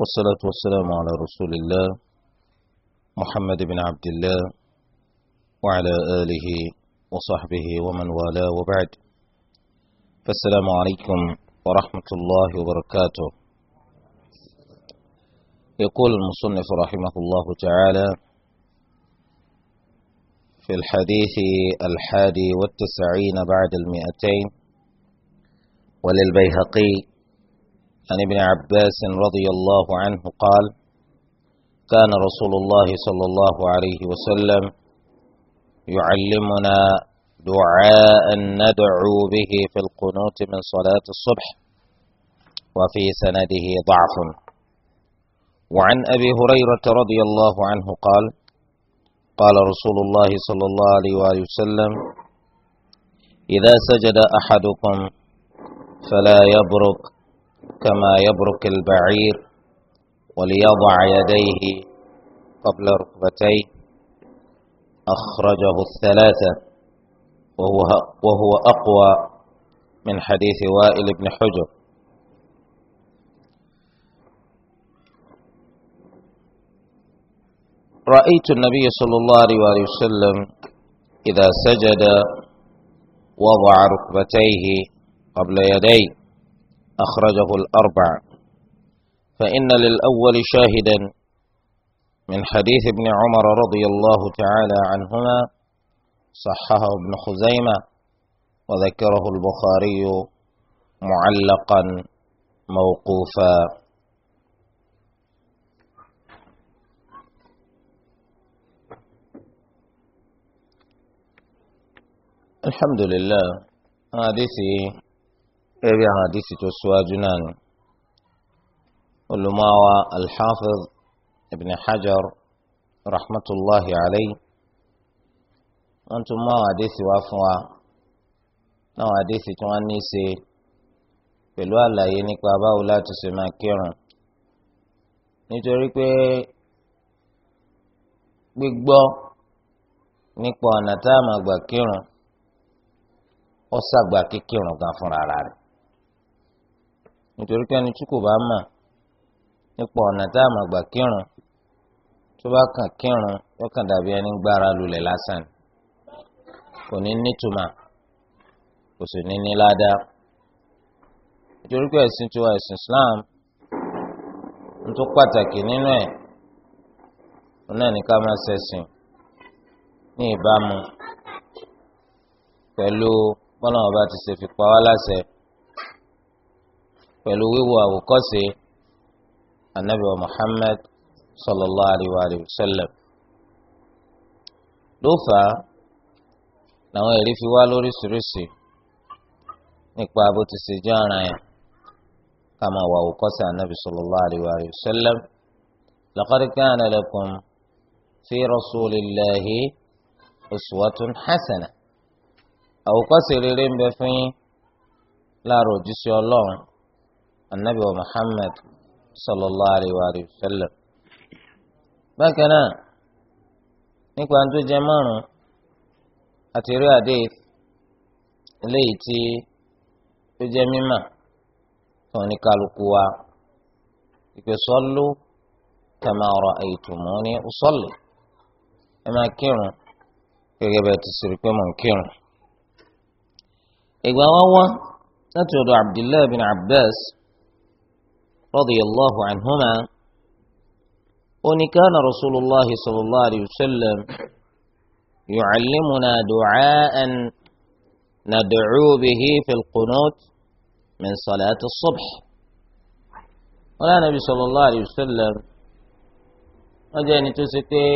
والصلاة والسلام على رسول الله محمد بن عبد الله وعلى آله وصحبه ومن والاه وبعد فالسلام عليكم ورحمة الله وبركاته يقول المصنف رحمه الله تعالى في الحديث الحادي والتسعين بعد المئتين وللبيهقي عن ابن عباس رضي الله عنه قال كان رسول الله صلى الله عليه وسلم يعلمنا دعاء ندعو به في القنوت من صلاة الصبح وفي سنده ضعف وعن أبي هريرة رضي الله عنه قال قال رسول الله صلى الله عليه وآله وسلم إذا سجد أحدكم فلا يبرك كما يبرك البعير وليضع يديه قبل ركبتيه أخرجه الثلاثة وهو, وهو أقوى من حديث وائل بن حجر رأيت النبي صلى الله عليه وسلم إذا سجد وضع ركبتيه قبل يديه أخرجه الأربع فإن للأول شاهدا من حديث ابن عمر رضي الله تعالى عنهما صححه ابن خزيمة وذكره البخاري معلقا موقوفا الحمد لله هذه ẹbí àwọn àdìsí tó síwájú náà ni olùmọ́wá alḥafiz ibn hajar rahmatulahi alayhi wọ́n tún mú àwọn àdìsí wá fún wa náà àdìsí tí wọ́n ní í ṣe pẹ̀lú àlàyé nípa báwo láti ṣe máa kírun nítorí pé gbígbọ́ nípa ọ̀nà tá a máa gbà kírun ó ṣàgbà kíkírun gan fúnra rẹ̀ nítorí pé ẹni tí kò bá mà nípa ọ̀nà tá a mà gbà kírun tó bá kàn kírun yóò kàn dàbí ẹni gbára lulẹ̀ lásán kò ní nítumà kò sì ní ní ládàá nítorí pé ẹ̀sìn tiwa ẹ̀sìn Islam tó pàtàkì nínú ẹ̀ òun náà máa ṣẹ̀sìn ní ìbámu pẹ̀lú bọ́lá ọba ti ṣe fi pa wá láṣẹ pẹ̀lú wíwo àwòkọ́ṣe anabi wa muhammad sallallahu alayhi wa sallam ló fà á làwọn ẹ̀rí fi wá lóríṣiríṣi nípa bó ti ṣe jẹ́ ara yẹn ká máa wà àwòkọ́ṣe anabi sallallahu alayhi wa sallam laqad kana lakum fi rasulillahi uswatun hasana àwòkọ́ṣe rere ń bẹ fún yín lára òjíṣẹ́ ọlọ́run. النبي محمد صلى الله عليه وآله وسلم bákan náà nípa tó jẹ márùn àti rí àdéhìí eléyìí tí tó jẹ mímà tó ní kálukú wa ìpè sọlú kama ra'aytumuni usalli ẹ máa kírun gẹ́gẹ́ bẹ́ẹ̀ ti sèrè pé mò ń kírun. ìgbà wá wá láti ọ̀dọ̀ abdullahi bin abbas. رضي الله عنهما وإن كان رسول الله صلى الله عليه وسلم يعلمنا دعاء ندعو به في القنوت من صلاة الصبح ولا النبي صلى الله عليه وسلم وجاني تسكي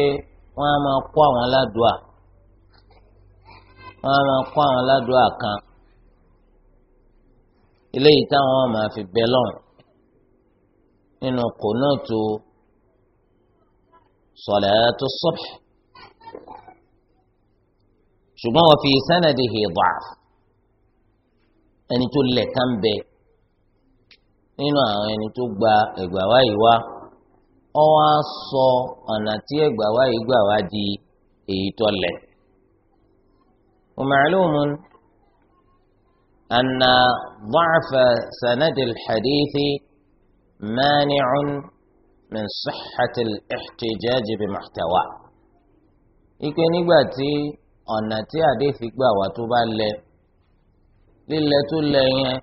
وما قوى ولا دعاء وما قوى ولا دعاء كان إليه تاوما في بلون nínú kùnàtù salatu subh ṣùgbọ́n wọ́n fi sanadihi da'f ẹni tó lẹ̀ kán bẹ nínú àwọn ẹni tó gba ẹgbàá wáyé wá ọ wá sọ ọ̀nà tí ẹgbàá wáyé gbà wá di èyí tó lẹ̀. ومعلوم أن ضعف سند الحديث مانع من صحة الاحتجاج بمحتوى ìpè nígbà tí ọ̀nà tí àdéhìí gbà wá tó bá lẹ lílẹ tó lẹ yẹn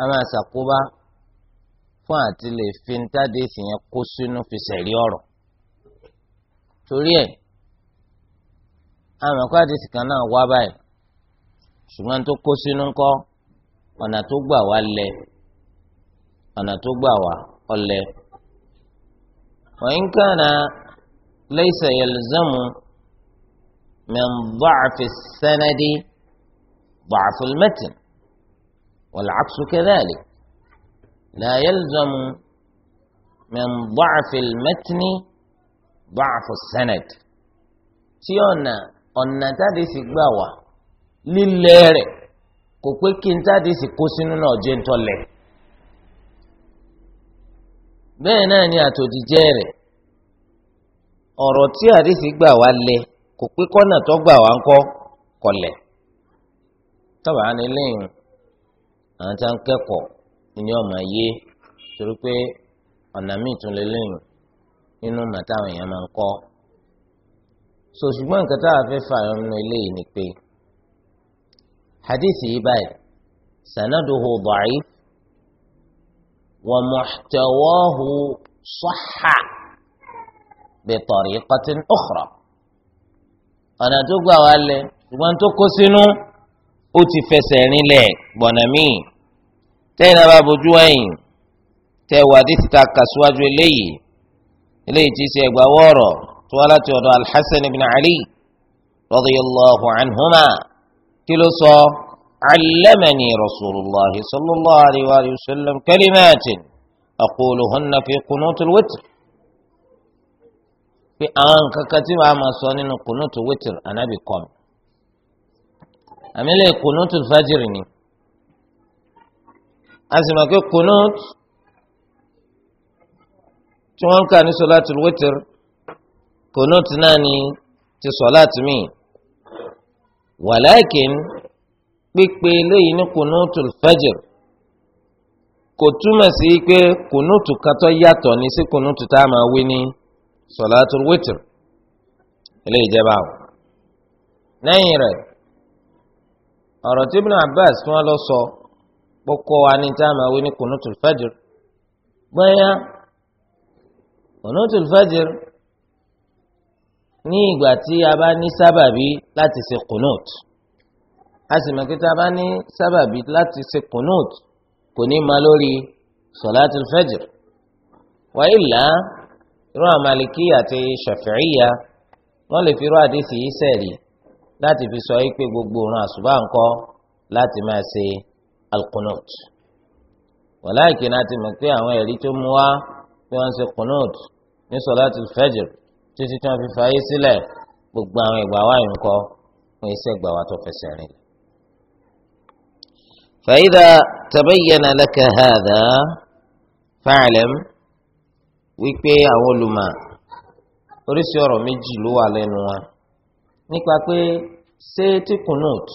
a máa ṣàkóbá fún àti lè fi ń tádéhìí yẹn kó sínú fi ṣẹ̀rí ọ̀rọ̀ torí ẹ̀ àmọ́ kó àdéhìí kan náà wá báyìí ṣùgbọ́n tó kó sínú ńkọ́ ọ̀nà tó gbà wá lẹ ọ̀nà tó gbà wá ọ̀lẹ́ wa in kana laysa yalzamu min da'fi sanadi da'fu al-matn wal-'aksu kadhalik la yalzamu min da'fi al-matni da'fu sanad tí ọ̀nà ọ̀nà táde sì gbà wá lílẹ̀ rẹ̀ kò pé kí n táde sì kó sínú náà jẹ́ ń tọ́lẹ̀. bẹ́ẹ̀ náà ni àtòjíjẹ́ rẹ̀ ọ̀rọ̀ tí àdìsí gbà wá lẹ kò pé kọ́nà tó gbà wá ń kọ́ kọlẹ̀ tọ́ba ní lẹ́yìn àwọn tí wọ́n kẹ́kọ̀ọ́ ní ọmọ ayé torí pé ọ̀nà míì tún lẹ́yìn nínú èèyàn máa ń so nǹkan tá a fẹ́ fà yọ nínú eléyìí ni pé hadith yìí báyìí ومحتواه صح بطريقة أخرى أنا تقوى قال لي ṣùgbọ́n tó kó sínú ó ti fẹsẹ̀ rinlẹ̀ gbọ̀nà míì tẹ́yìnà bá bojú ẹ̀yìn tẹ́ wàdí ti ta kàṣíwájú eléyìí eléyìí ti ṣe ẹgbà wọ́ọ̀rọ̀ tó wá láti ọ̀dọ̀ alḥasan ibn ali radiyallahu anhuma kí ló sọ علمني رسول الله صلى الله عليه وسلم كلمات أقولهن في قنوت الوتر في أنك ككتب عما صانين قنوت الوتر أنا بكم أمي لي قنوت الفجرني. ني أسمع قنوت شوان كان صلاة الوتر قنوت ناني تصلاة مين ولكن pípe eléyìí ní kùnúùtù fẹ́jìr kò túmọ̀ sí pé kùnúùtù kan tó yàtọ̀ ní sí kùnúùtù tá a máa wí ní sọ̀látù wítìr ilé ìjẹba o. lẹ́yìn rẹ̀ ọ̀rọ̀ tí Ibn Abbas tí wọ́n lọ sọ kókó wa ní tá a máa wí ní kùnúùtù fẹ́jìr gbọ́nyá kùnúùtù fẹ́jìr ní ìgbà tí a bá ní sábàbí láti ṣe kùnúùtù a sì mọ̀ pé tá a bá ní sábàbí láti ṣe kunut kò ní ma lórí sọláàtìl fẹjìr wa illa irú àmàlìkí àti ṣàfíìyà wọ́n lè fi irú àdìsí yìí sẹ̀rí láti fi sọ pé gbogbo òun àṣùbà ńkọ́ láti máa ṣe alkunut wàláìkì náà ti mọ̀ pé àwọn ẹ̀rí tó mú wá pé wọ́n ń kunut ní sọláàtìl fẹjìr títí tí wọ́n fi fààyè sílẹ̀ gbogbo àwọn ìgbà wáyé ńkọ́ fún iṣẹ́ ìgbà wa tó fẹsẹ̀ rìn فإذا تبين لك هذا فاعلم ويكبي أول ما أريس يورو ميجي لو علينا نيكوا كوي سي تكونوت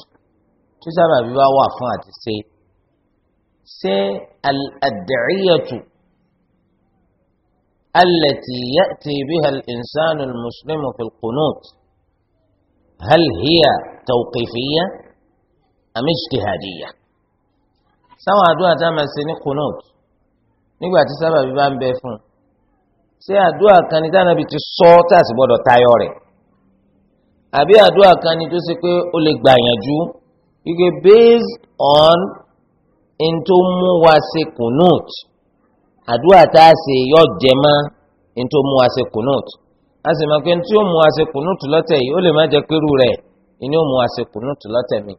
تسابع بيوا وافن عتي سي سي الأدعية التي يأتي بها الإنسان المسلم في القنوت هل هي توقيفية أم اجتهادية؟ sáwọn àdúrà tá a máa ṣe ní kunut nígbà tí sábàbí bá ń bẹ fún un ṣé àdúrà kan ni tánàbí ti sọ tá a sì gbọ́dọ̀ tayọ rẹ̀ àbí àdúrà kan ni tó ṣe pé ó lè gbàyànjú ike based on n tó mú wa ṣe kunut àdúrà tá a ṣe yọ jẹ mọ́ n tó mú wa ṣe kunut a sì máa pé tí ó mú wa ṣe kunut lọ́tẹ̀ yìí ó lè má jẹ́ pẹ́rù rẹ̀ ni ó mú wa ṣe kunut lọ́tẹ̀ mi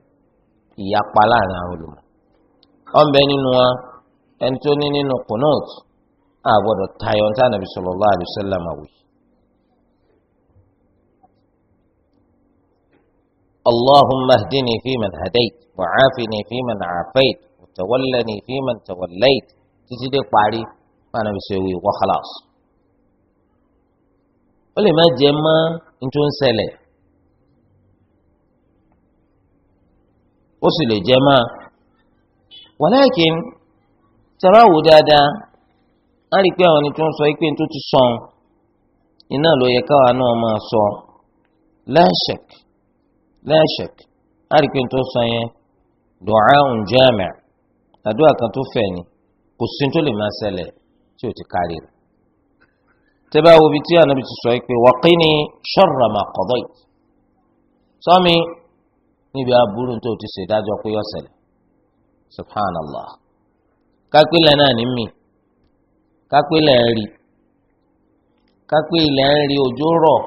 ìyapa láàrin àwọn olùmọ̀. ọ̀nbẹ nínú wa ẹni tó ní nínú kùnọ́ọ̀tù àgbọ̀dọ̀ tayọ̀ ní sànàbí sallallahu alaihi wasallam àwì. اللهم اهدني فيمن هديت وعافني فيمن عافيت وتولني فيمن توليت تجدي قاري أنا wa وخلاص ó lè má jẹ mọ nítorí ń ṣẹlẹ̀ ó sì lè jẹ mọ walakin tẹ́lá wò dáadáa á rí i pé àwọn ẹni tó ń sọ pé tó ti sọ̀n iná ló yẹ káwa náà máa sọ la shak la shak á rí i pé tó sọ yẹn du'aun jami' àdúrà kan tó fẹ̀ ni kò sí tó lè máa ṣẹlẹ̀ tí ò ti kárí rẹ̀ tẹ́lá wo tí ànábi ti sọ pé waqini sharra ma qadayt sọ́mi níbi aburú tó ti ṣèdájọ́ pé yọ ṣẹlẹ̀. subhanallah kápẹ́lẹ̀ náà ní mì kápẹ́lẹ̀ ń rí kápẹ́ ilẹ̀ ń rí òjò rọ̀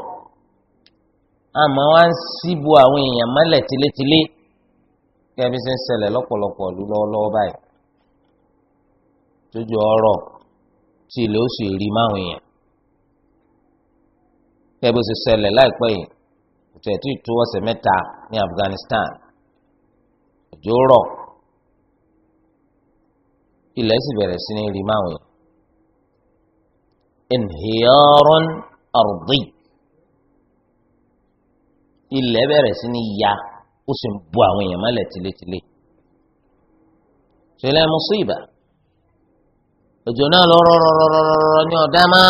àmọ́ wá ń síbu àwọn èèyàn mọ́lẹ̀ tilétilé kí ṣe ń ṣẹlẹ̀ lọ́pọ̀lọpọ̀ lọ́wọ́lọ́wọ́ báyìí tójú o tí ilẹ̀ ó sì rí máwọn èèyàn kí ṣe ṣẹlẹ̀ láìpẹ́ yìí ètò Afghanistan rọ̀ ilẹ̀ sì bẹ̀rẹ̀ sí ní rí máwìn inhiyaron ardi ilẹ̀ bẹ̀rẹ̀ sí ní ya ó sì ń bu àwọn èèyàn mọ́lẹ̀ tilétilé ṣẹlẹ̀ musiba òjò náà lọ rọrọrọrọrọ ní ọ̀dá má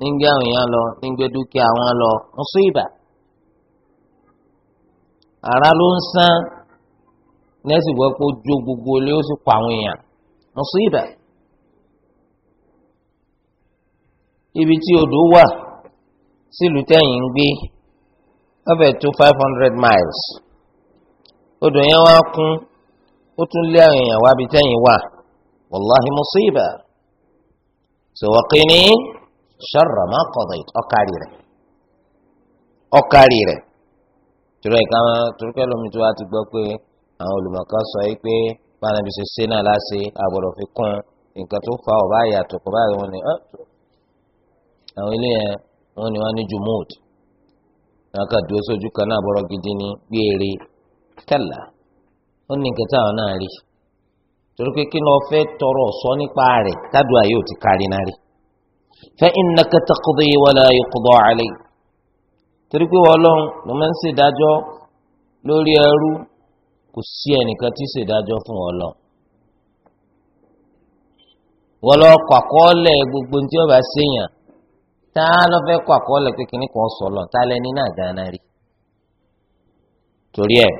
ní gbé àwọn èèyàn lọ ní gbé dúkìá wọn lọ musiba ara ló ń sán nẹ́sì gbọ́ jó gbogbo ilé ó sì pa àwọn èèyàn. nọ̀síbà ibi odo odò wà sílùú tẹ̀yìn ń gbé ọbẹ̀ tó five hundred miles odò yẹn wá kún ó tún lé àwọn wá wallahi tẹ̀yìn wà wàláhi mọ̀síbà sọ̀wọ́kì ní sharra ma ọ̀kárì rẹ̀ ọ̀kárì rẹ̀ tùrọ̀ ìka tùrọ̀kẹ́ lómi tó wá sọ yìí báwọn ibi ṣe ṣe náà láṣẹ àbọ̀dọ̀ fi kún nǹkan tó fa ọ̀bá yàtọ̀ kọ̀ báyìí wọn ni àwọn ilé yẹn wọn ni wọn ní jùmọ́ọ̀dì wọn dúró sójú kan náà bọ̀rọ̀ gidi ní gbére kẹlà ó ní nǹkan táwọn náà rí torí pé kí ni wọn fẹ́ tọrọ sọ nípa rẹ̀ tádùá yóò ti kárí náà rí fa innaka taqdi wala yuqda alayk torí pé wọ́n lọ́n ló máa ń ṣèdájọ́ lórí ẹrú kò sí ẹnìkan tí ṣèdájọ́ fún ọ lọ. wọ́n lọ kọ́ àkọọ́lẹ̀ gbogbo tí ó bá ṣèyàn tá a lọ fẹ́ kọ́ àkọọ́lẹ̀ pé kìnnì kan sọ lọ tá a lẹni náà gánà rí. torí ẹ̀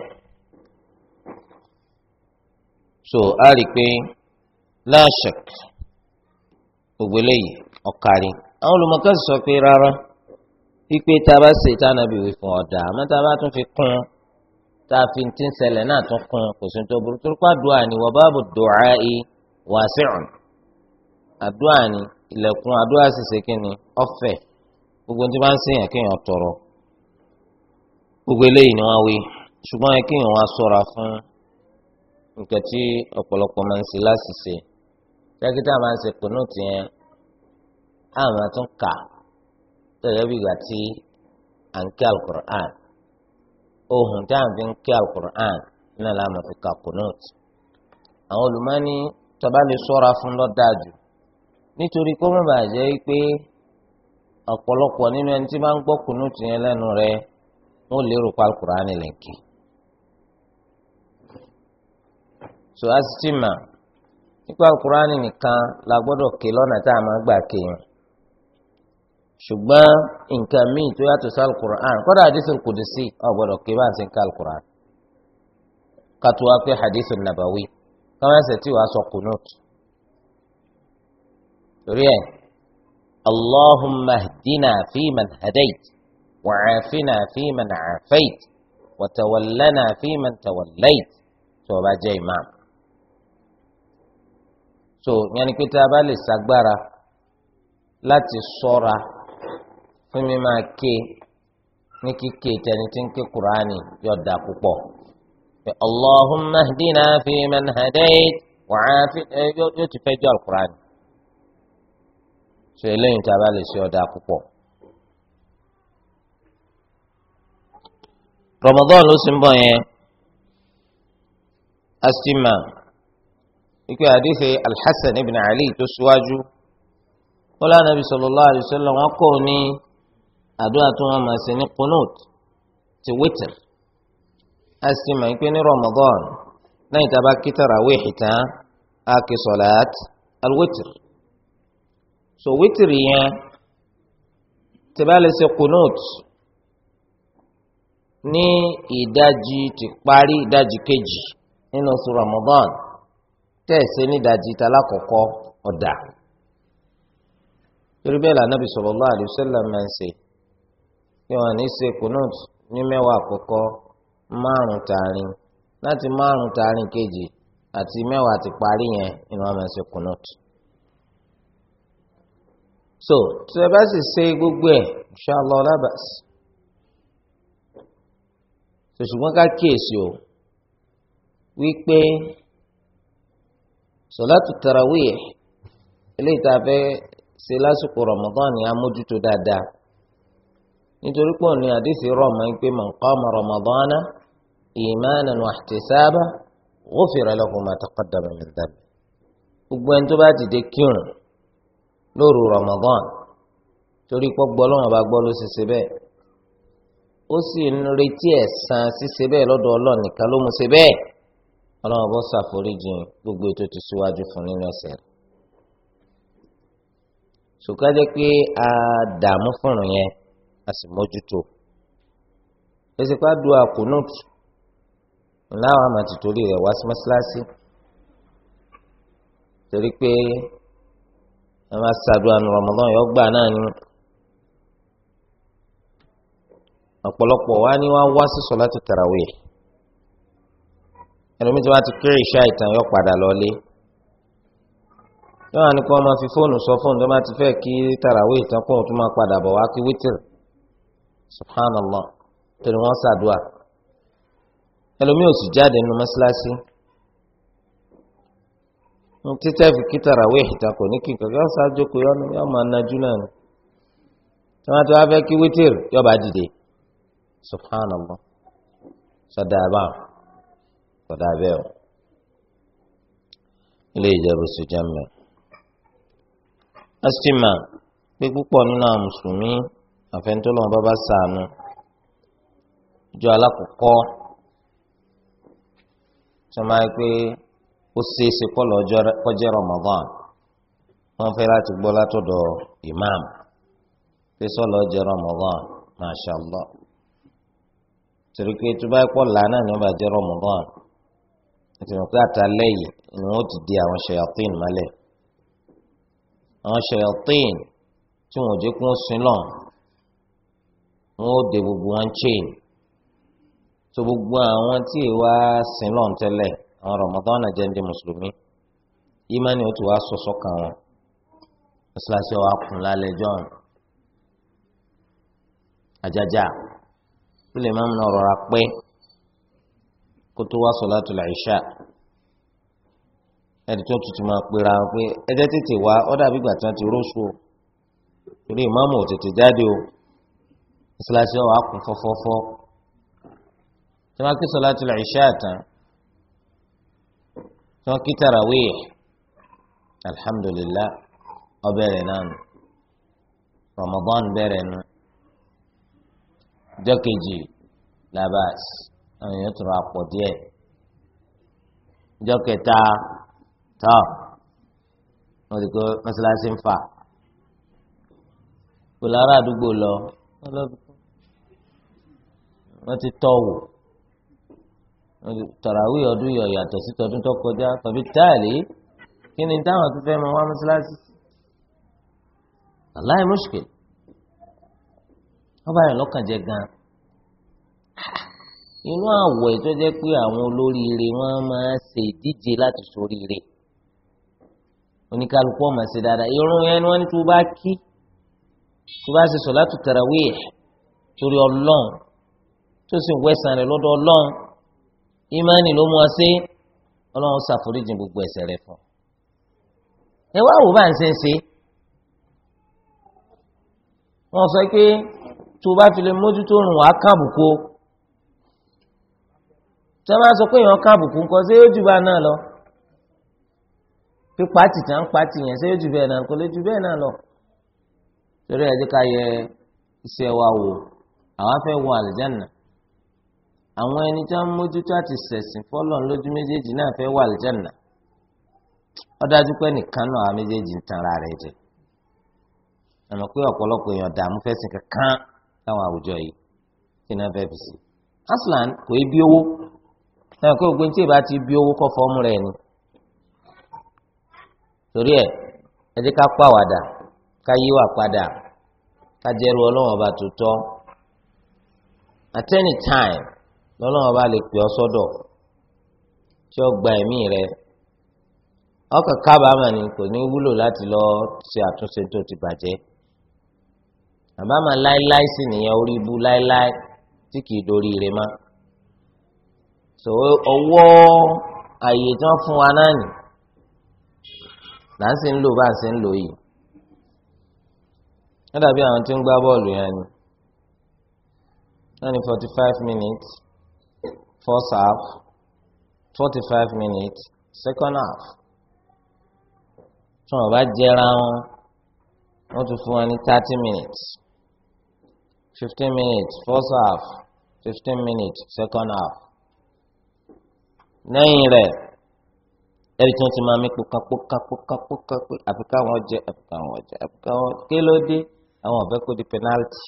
so a rí i pé láṣẹk gbogbo eléyìí ọ̀kárí àwọn olùmọ̀kẹ́sì sọ pé rárá wípé tá a bá ṣe tá a nàbí wí fún ọ̀dà àmọ́ tá a bá tún fi kún un tá a fi ti ń ṣẹlẹ̀ náà tún kún kò sí tó burú torí pa àdúrà ni wọ́n bá bò dùrà í wàásìrùn àdúrà ni ilẹ̀kùn àdúrà sì ṣe kí ni ọ̀fẹ́ gbogbo tí wọ́n ń sèyàn kéèyàn tọrọ gbogbo eléyìí ni wọ́n wí ṣùgbọ́n ẹ kéèyàn wá ṣọ́ra fún nǹkan tí ọ̀pọ̀lọpọ̀ máa ń ṣe láṣìṣe dókítà máa ń ṣe kùnú tiẹ̀ àmọ́ tún kà tẹ̀lé ohun tí a fi ń kí alukur'an náà la máa fi ka kunut àwọn olùmọ́ni tọ́ba lè sọ́ra fún lọ́dáàjù nítorí kó má bàa jẹ́ pé ọ̀pọ̀lọpọ̀ nínú ẹni tí bá ń gbọ́ kunut yẹn lẹ́nu rẹ̀ wọ́n pa alukur'an lè kí. so nípa alukur'an nìkan la gbọ́dọ̀ ké lọ́nà tá a máa ṣùgbọ́n nǹkan míì tó yàtọ̀ sí alukur'an kọ́dà hadith kùdìsí ọ̀gbọ́dọ̀ kí bá ń sin ká alukur'an kàtó wá pé hadith nàbàwí káwọn ẹsẹ̀ tí wàá sọ kùnút. torí ẹ̀ allahumma dina fi man hadayt wa caafina fi man caafayt wa tawallana fi man tawallayt tó o bá jẹ́ imam. so yẹn ni pété tá a bá lè sagbára láti sọ́ra. fún mi máa ké ní kíké tẹni tí ń ké kuraani yọ da púpọ̀ allahumma hdina fi man hadayt wàhánfi ẹ yóò ti fẹ́ jọ alukuraani ṣe eléyìí tí a bá lè ṣe ọ̀dà púpọ̀. rọmọdọ́n ló sì ń bọ̀ yẹn asima ikú àdìsẹ́ alḥasan ibn ali tó síwájú wọ́n lánàá bí sallallahu alaihi wasallam kọ́ ọ àdúrà tó wọn máa ṣe ní kunut ti wítìr a sì máa ń pè ní Ramadan lẹ́yìn tá a bá kí tarawih tán a kì sọ̀láàt alwítìr so wítìr yẹn tí bá lè ṣe kunut ní ìdajì ti parí ìdajì kejì nínú oṣù Ramadan tẹ̀sí nídajì tala kọ̀kọ́ ọ̀dà. torí bẹ́ẹ̀ lànà bí sallallahu alaihi wasallam máa kí wọn ní ṣe kunut ní mẹ́wàá àkọ́kọ́ márùn tààrin láti márùn tààrin kejì àti mẹ́wàá ti parí yẹn ni wọn máa ṣe kunut. so tí ẹ bá sì ṣe gbogbo ẹ inshallah labas ṣùgbọ́n ká kíyèsí o wípé sọlátù tarawih eléyìí tá a fẹ́ ṣe lásìkò Ramadan ni a mójútó dáadáa nítorí pọ̀ ní àdìsí rọ̀ máa ń pè man qama ramadana imanan wa ihtisaba ghufira lahu ma taqaddama min dhanbi. gbogbo ẹni tó bá dìde kírun lóru ramadan torí pọ́ gbọ́ lọ́wọ́n bá gbọ́ ló ṣe ṣe bẹ́ẹ̀ ó sì ń retí ẹ̀san ṣíṣe bẹ́ẹ̀ lọ́dọ̀ ọlọ́run nìkan ló mú ṣe bẹ́ẹ̀ ọlọ́run bó ṣàforíjì gbogbo ètò ti síwájú fún nínú ẹ̀ṣẹ̀ rẹ̀. sùkọ́ jẹ́ pé a dààmú fúnrun yẹn a sì mójútó èsìpá du àkùnút tori àmàtì torí rẹ̀ wá sí mọ́sálásí torí pé ẹ máa ṣàdúrà ní Ramadan yọ gbà náà ni ọ̀pọ̀lọpọ̀ wa ni wọ́n wá sí sọ̀látù tarawih ẹlòmíì tí wọ́n ti kéré ìṣá ìtàn yọ padà lọ́lé yọ̀wọ́n ni kí wọ́n máa fi fóònù sọ fóònù tó máa ti fẹ́ kí tarawih ìtàn kóhùn tó máa padà bọ̀ wá kí wítìrì subhanallah torí wọ́n ṣàdúà ẹlòmíì ò sì jáde nínú mọ́ṣáláṣí títẹ́ fi kítàrà wé ìta kò ní kí nǹkan kan ṣáájú pé ọ́nà yóò máa nájú náà ni tí wọ́n ti wá fẹ́ kí wítìrì yóò bá dìde subhanallah sọdá bá sọdá bẹ́ẹ̀ o ilé ìjẹ́bù sùjẹ́ mẹ́. ẹ sì púpọ̀ nínú àwọn mùsùlùmí àfẹnitọ́lọ́wọ́n bá bá sànù ìjọ alákọ̀ọ́kọ́ tó máa ń pé ó ṣeéṣe kọ́lọ̀ kọjá Ramadan wọ́n fẹ́ láti gbọ́ látọ̀dọ̀ imam pé sọ́lọ́ jẹ́ Ramadan masha Allah torí pé tó bá pọ̀ lánàá ni wọ́n bá jẹ́ Ramadan ìtìmọ̀ pé àtàlẹ́ yìí ni wọ́n ti di àwọn ṣayatin mọ́lẹ̀ àwọn ṣayatin tí wọ́n jẹ́ kó sin lọ́n wọn ó de gbogbo wọn chain so gbogbo àwọn tí ì wá sin lọ́n tẹ́lẹ̀ àwọn Ramadan jẹ́ ndé mùsùlùmí ìmánì ó ti wá sọ̀sọ́ kan wọn mọ́sálásí wa kún lálẹ́ john àjàjà ó lè má mú náà rọra pẹ́ kó tó wá sọ̀látul Ìṣá ẹni tó tutù máa pera pé ẹjẹ́ tètè wá ọ́ dàbí ìgbà ti róṣù torí ìmáàmù ò tètè jáde o mọ́sálásí ọ̀ wá kún fọ́fọ́fọ́ tí wọ́n kí sọ̀látul ìṣá tán tí wọ́n kí tarawih alhamdulillah ó bẹ̀rẹ̀ náà nù Ramadan bẹ̀rẹ̀ nù jọ́kejì labas àwọn èèyàn tó ra díẹ̀ jọ́kẹta tọ́ wọ́n ti kó mọ́sálásí ń fà kò lára àdúgbò lọ wọ́n ti tọ́ wò tọ̀ràwí ọdún yọ yàtọ̀ sí tọdún tó kọjá tọ̀bí táàlì kí ni táwọn tó fẹ́ mọ wá mọ́ṣáláṣí aláì mùṣkìl wọ́n bá yàn lọ́kàn jẹ́ gan inú àwọ̀ tó jẹ́ pé àwọn olóríire wọ́n máa ṣe ìdíje láti ṣoríire oníkálukú ọmọ ṣe dáadáa irun yẹn ni wọ́n ní tó bá kí tó bá ṣe sọ̀látù tàràwí ẹ̀ torí ọlọ́run tó sì wẹ̀sán rẹ̀ lọ́dọ̀ ọlọ́run ìmánì ló mú ọ sí ọlọ́run ṣàforíjì gbogbo ẹ̀ṣẹ̀ rẹ̀ fún ẹ wá wò bá ń ṣe ń ṣe wọn sọ pé tó bá fi lè mójútó rùn wá kábùkù o tí wọn bá sọ pé èèyàn kábùkù nǹkan ṣé yóò jù bá náà lọ pípa tìtà ń pa tìyẹn ṣé yóò jù bẹ́ẹ̀ náà kò lè jù bẹ́ẹ̀ náà lọ torí ẹ̀ jẹ́ yẹ iṣẹ́ wa wò àwa fẹ́ wọ àlùjánnà àwọn ẹni tí wọ́n mójútó àti ṣẹ̀sìn fọ́lọ́n lójú méjèèjì náà fẹ́ wà lìjánà ó dájú pé nìkan náà àwọn méjèèjì ń tanra rẹ̀ jẹ àmọ́ pé ọ̀pọ̀lọpọ̀ èèyàn dààmú fẹ́sìn kankan láwọn àwùjọ yìí kí náà fẹ́ fi sí aslan kò í bí owó náà kó gbé tí ìbá ti bí owó kọ́ fọ́ọ̀mù rẹ̀ ni torí ẹ jẹ́ ká pàwàdà ká yíwà padà ká jẹ́rú ọlọ́wọ́n ọba tó tọ́ at any time. lọ́lọ́wọ́ bá lè pè ọ́ sọ́dọ̀ tí ó gba ẹ̀mí rẹ ọkàn kábàámà ni kò ní wúlò láti lọ ṣe àtúnṣe tó ti bàjẹ́ àbámà láéláé sì nìyẹn orí ibú láéláé tí kìí dorí ire má so ọwọ́ àyè tí wọ́n fún wa náà nì là ń sì ń lò bá ń sì ń lò yìí wọ́n dàbí àwọn tí ń gbá bọ́ọ̀lù yẹn ni wọ́n ní forty five minutes first half forty five minutes second half tí wọn bá jẹra wọn wọn tún fún wọn ní thirty minutes fifteen minutes first half fifteen minutes second half lẹ́yìn rẹ̀ ẹ̀rí tí wọ́n ti máa mí pọ̀kan pọ̀kan pọ̀kan pọ̀kan pé àfikà wọn jẹ àfikà wọn jẹ àfikà wọn kí ló àwọn ọ̀bẹ kò di penalty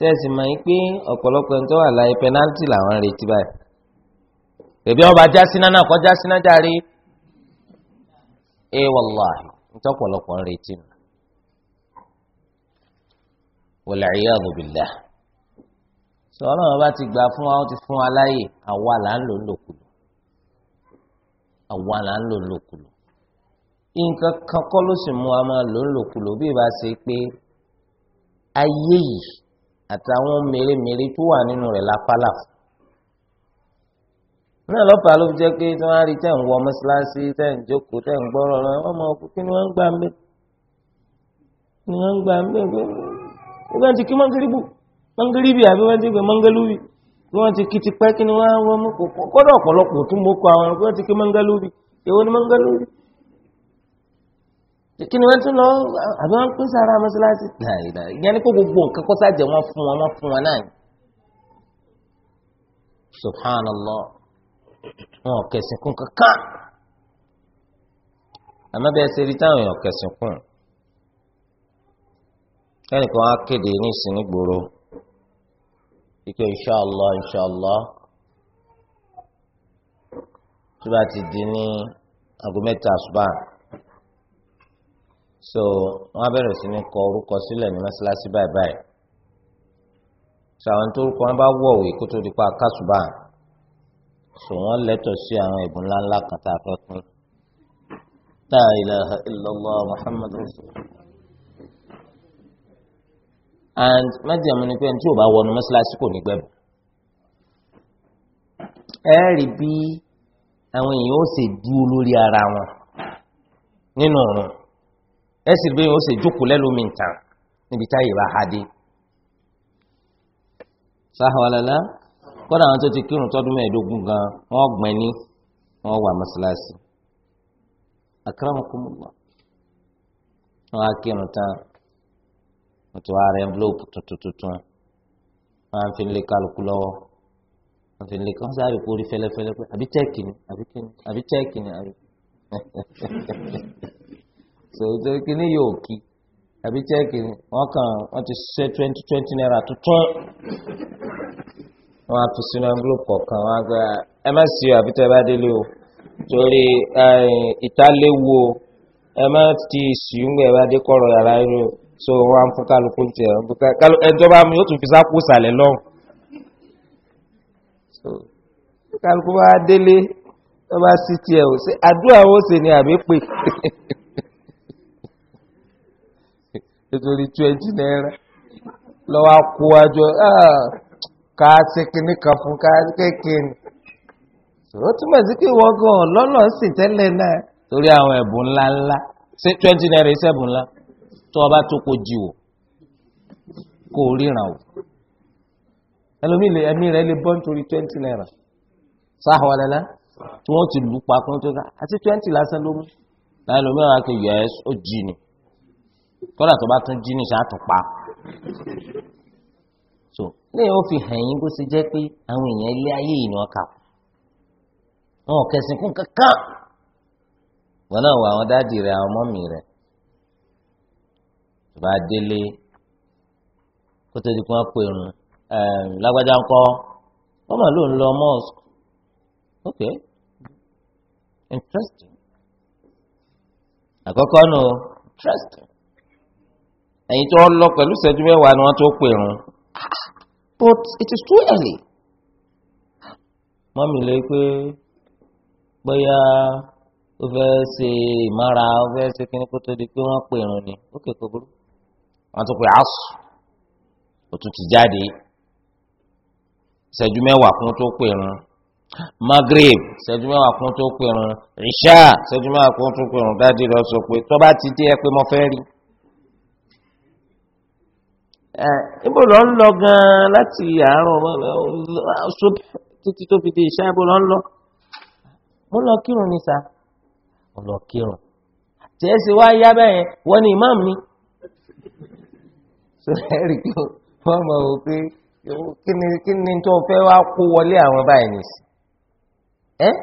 sẹ́ẹ̀sì mọ̀ yín pé ọ̀pọ̀lọpọ̀ ẹni tó wà láyé pẹ́nálítì làwọn retí báyìí bèbí ọba jásínà náà kọ́ jásínà járe ẹ eh, wàláhì ntọ́pọ̀lọpọ̀ ń retí nù wọ̀lẹ̀ ìyáàdù bìlá sọ ọlọ́run bá ti gbà fún wa ó ti fún wa láyè àwa là ń lò ń lòkulò àwa là ń lò ń lòkulò nǹkan kan kọ́ ló sì mú wa máa lò ń lòkulò bí ìbá ṣe pé ayé yìí àtàwọn mèremère tó wà nínú rẹ̀ lápálà fún náà lọ́pàá ló fi jẹ́ pé tí wọ́n á rí tẹ̀ ń wọ mọ́ṣáláṣí tẹ̀ ń jókòó tẹ̀ ń gbọ́rọ̀ lọ wọ́n mọ ọkùnrin kí ni wọ́n ń gbà ń bẹ̀ ni wọ́n ń gbà ń bẹ̀ pé nígbà tí kí mọ́ngíríbù mọ́ngíríbì àbí wọ́n ti gbé mọ́ngálúbì bí wọ́n ti kí ti pẹ́ kí ni wọ́n á wọ́n mú kó kọ́dọ̀ ọ̀pọ̀lọpọ̀ tún mú àwọn wọ́n ti kí mọ́ngálúbì èwo ni mọ́ngálúbì kí ni wọ́n tún lọ àbí wọ́n pín sára mọ́ṣáláṣí. ìyẹn ni kó gbogbo nǹkan kó sáà jẹ wọ́n fún wọn wọ́n fún wọn náà. subhanallah wọn ò kẹsìn kún kankan àmọ́ bẹ́ẹ̀ ṣe rí táwọn èèyàn kẹsìn kún kẹ́nìkan á kéde nísìn nígboro ike inṣàlá inṣàlá tó bá ti di ní aago mẹ́ta so wọ́n bẹ̀rẹ̀ sí ní kọ orúkọ sílẹ̀ ní mọ́ṣáláṣí báyìí báyìí so àwọn tó orúkọ wọn bá wọ̀wé kó tó di pa kásùbà so wọ́n lẹ́tọ̀ọ́ sí àwọn ẹ̀bùn ńláńlá kan tá a fẹ́ pín la ilaha illallah muhammadu rasulullah and májèmú ni pé ẹni tí ò bá wọnú mọ́ṣáláṣí kò ní gbẹ̀bù ẹ rí bí àwọn èèyàn ó sì dúró lórí ara wọn nínú ọ̀run ẹ sì gbé yẹn ó sì jókòó lẹ́lómi ntàn níbi táyé bá ha dé. sáhàwálálá kọ́dà àwọn tó ti kírun tọ́dún mẹ́ẹ̀ẹ́dógún gan wọ́n gbẹ̀n ní wọ́n wà mọ́ṣáláṣí. akramakumullah wọ́n á kírun tán wọ́n ti wá rẹ̀ envelope tuntun tuntun wọ́n á fi lé kálukú lọ́wọ́ wọ́n fi lé kán sáré kórìí fẹ́lẹ́fẹ́lẹ́ pé àbí tẹ́ẹ̀kì ni àbí tẹ́ẹ̀kì ni àbí sọ̀rọ̀ tó kí ni yóò kí àbí chẹ́ẹ̀kì wọ́n kàn wọ́n ti ṣe twenty twenty naira tuntun wọ́n á tún sínú envelope kọ̀ọ̀kan wọ́n á gba ẹ má sí o àbí tẹ́ ẹ bá délé o torí eh, ìtàléwu o ẹ má ti sùúrù ẹ bá dé kọ̀rọ̀ yàrá irú o so wọ́n á fún kálukú tiẹ̀ ẹjọ́ bá mi yóò tún fi sápò sàlẹ̀ so kálukú bá délé ẹ bá sí tiẹ̀ o ṣe àdúrà ó ṣe ni àbí pè. nítorí twenty naira lọ́wọ́ kó àjọ ah, ká ṣe kínní kan fún ká kékeré ó túmọ̀ sí pé wọ́n gan lọ́nà sì tẹ́lẹ̀ náà torí àwọn ẹ̀bùn ńlá ńlá ṣé twenty naira iṣẹ́ ẹ̀bùn ńlá tó ọba tó kó jì wò kó ríran o ẹlòmíì lè ẹ̀mí rẹ̀ lè bọ́ nítorí twenty naira sáhùn ọ̀lẹ́lá tí wọ́n ti lù pa kún tó ká àti twenty lásán ló mú láì lómi àwọn akẹ́yẹ ẹ̀ ó jì ni. kọla tó bá tún jí ní sàtúpa so lẹ́yìn ó fi hàn yín bó ṣe jẹ́ pé àwọn èèyàn ilé ayé yìí ni wọ́n kà wọn kẹsìn kún kankan wọn náà wọ àwọn dáàdì rẹ àwọn mọ́mì rẹ tó bá délé kó tó di kí wọ́n ok interesting àkọ́kọ́ nù interesting. ẹ̀yin tó lọ pẹ̀lú ìṣẹ́jú mẹ́wàá ni wọ́n tó pè rún but it is too early. mọ́mí lè pé bóyá ó fẹ́ ṣe ìmọ̀ra ó fẹ́ ṣe kíní kó tó di pé wọ́n pè rún ni ó kè kóburú wọ́n tó pè áṣù òtútù jáde ìṣẹ́jú mẹ́wàá kún tó pè rún magreb ṣẹ́jú mẹ́wàá kún tó pè rún ìṣá ṣẹ́jú mẹ́wàá kún tó pè rún dáàdi rẹ sọ pé tó bá ti dé ẹ pé mo fẹ́ rí i níbo lọ ń lọ gan-an láti àárọ̀ ṣókè títí tó fi dé ìṣá níbo lọ ń lọ. mo lọ kírun ní sa mo lọ kírun jẹ́sí wá yá bẹ́ẹ̀ wọ́n ní imam ni. sọ ẹ́rì kí wọ́n mọ̀ wò pé kí ni tó fẹ́ wá kó wọlé àwọn báyìí nìsí. ẹ́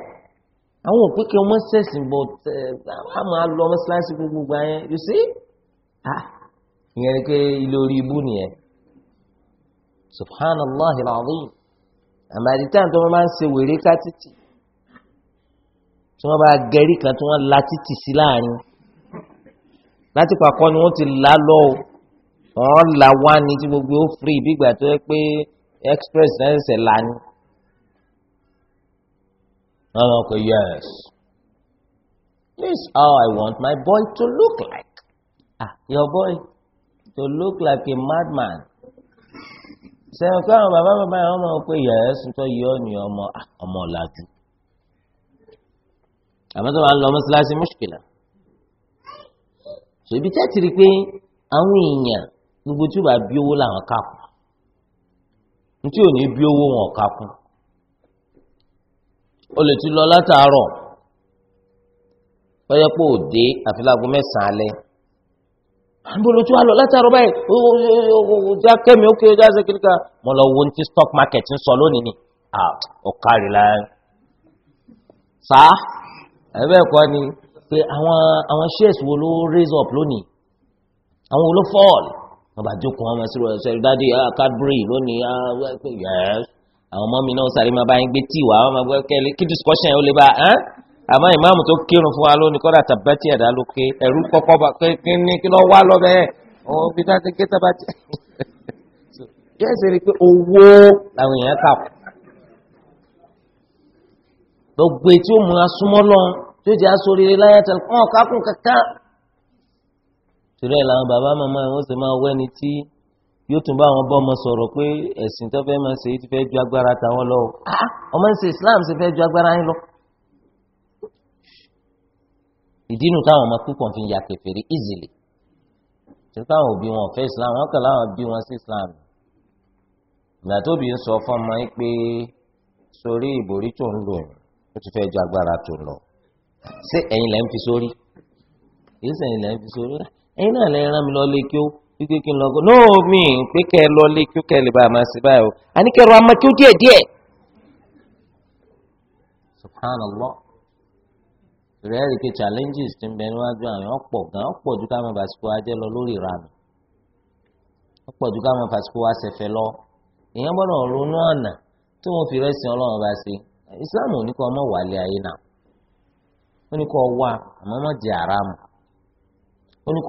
àwọn òpin kí wọ́n sẹ̀sìn bọ̀ àmọ́ àlọ́ mọ́sálásí gbogbo gbà yẹn you see. Ah ìyẹn ni pé ilé orí ibú nìyẹn subhanallah alazim àmàdí táwọn tó máa ń ṣe wèrè ká títì tí wọ́n bá gẹrí kan tí wọ́n la títì sí láàrin láti pàkọ́ ni wọ́n ti là lọ o wọ́n là wá ní tí gbogbo ó firi ìbígbà tó yẹ pé express náà ṣẹ̀ṣẹ̀ là ní. wọ́n lọ pé yes this is how I want my boy to look like ah your boy to look like a madman sẹ́yìn pé àwọn bàbá bàbá yẹn wọ́n máa ń pè yẹ̀ ẹ́ sùn tó yọ ọ́ ní ọmọ ọmọ làjú àmọ́ tó máa ń lọ mọ́ṣáláṣí mùṣkílà ṣèbí tẹ́tì rí i pé àwọn èèyàn gbogbo tí ó bá bí owó làwọn kà kù ò ní bí owó wọn kà kù o lè ti lọ látàárọ̀ bọ́yá òde àfi láago mẹ́sàn-án alẹ́ àbúrò tí wàá lọ látàrọ báyìí já kẹmi ó kéré já sẹkiri ká mo lọ wo ti stock market ń sọ lónìí ni ọ̀kárì la sá ẹ̀bẹ̀ kọ́ ni pé àwọn àwọn shares wo ló raise up lónìí àwọn wo ló fall wọn bá jókòó wọn máa sọ̀rọ̀ ṣẹlẹ̀ dáadé ah, Cadbury lónìí ah, yes àwọn ọmọ mi náà sáré máa bá yín gbé tíì wá wọn máa gbé kí discussion ó lè bá ẹ́ àmọ́ ìmáàmù tó kírun fún wa lónìí kọ́dà tàbátì ẹ̀dá ló ké ẹ̀rú kọ́kọ́ bá pé kí ni kí lọ́ wá lọ́bẹ̀ ẹ̀ òun bí táwọn ti ké tàbátì. yóò ṣe rí i pé owó làwọn èèyàn kà kù. gbogbo etí ó mú asúmọ́ lọ tí ó jẹ́ asoríire láyà tẹ̀lé kàn kákùn kankan. torí ẹ̀ làwọn bàbá màmá wọn sì máa wẹ́ni tí yóò tún bá àwọn bọ́ ọmọ sọ̀rọ̀ pé ẹ̀sìn tó fẹ́ máa ṣe é ti fẹ́ ju agbára tàwọn lọ. Ah, ọmọ ń ṣe Islam ṣe fẹ́ ju agbára yín lọ ìdínú táwọn ọmọ púpọ̀ fi ń ya kèfèrí easily tí táwọn òbí wọn fẹ́ islam wọn kàn láwọn bí wọn sí islam ìgbà tóbi ń sọ fún ọmọ yín pé sórí ìbòrí tó ń lò ó ti fẹ́ ju agbára tó lọ ṣé ẹ̀yin lẹ́ ń fi sórí èyí sẹ́yìn lẹ́ ń fi sórí ẹ̀yin náà lẹ́ rán mi lọ lé kí ó wípé kí n lọ gọ́ no mi pé kẹ́ ẹ lọ lé kí ó kẹ́ ẹ lè bá a máa ṣe báyìí o àníkẹ́rọ amọ́ kí subhanallah. rẹ̀ rí i challenges ti ń bẹ níwájú àwọn ọ̀pọ̀ gan ọ̀pọ̀ ju ká fàṣíkò lọ lórí ìranù ọ̀pọ̀ ju ká fàṣíkò wa ṣẹ̀fẹ̀ lọ èèyàn gbọ́dọ̀ ronú ọ̀nà tí wọ́n fi rẹ́sìn ọlọ́run bá ṣe Islam ò ní kọ́ ọmọ ayé náà ó ní kọ́ àmọ́ jẹ́ ó ní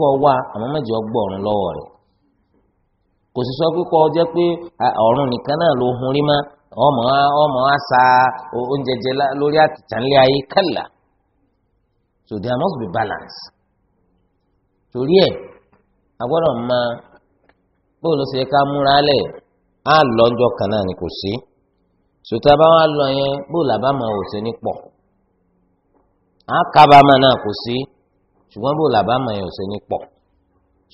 pé kọ́ náà ló hun rí mọ́ ọmọ ọmọ àṣà oúnjẹ jẹ lórí ayé so there must be balance torí ẹ̀ a ma, mọ bó ló ṣe ká múra lẹ̀ á lọ́jọ́ kan náà ni kò sí sòtá bá wà lọ yẹn bó làbá máa ní pọ̀ á kábàámà náà kò sí ṣùgbọ́n bó làbá yẹn ò ní pọ̀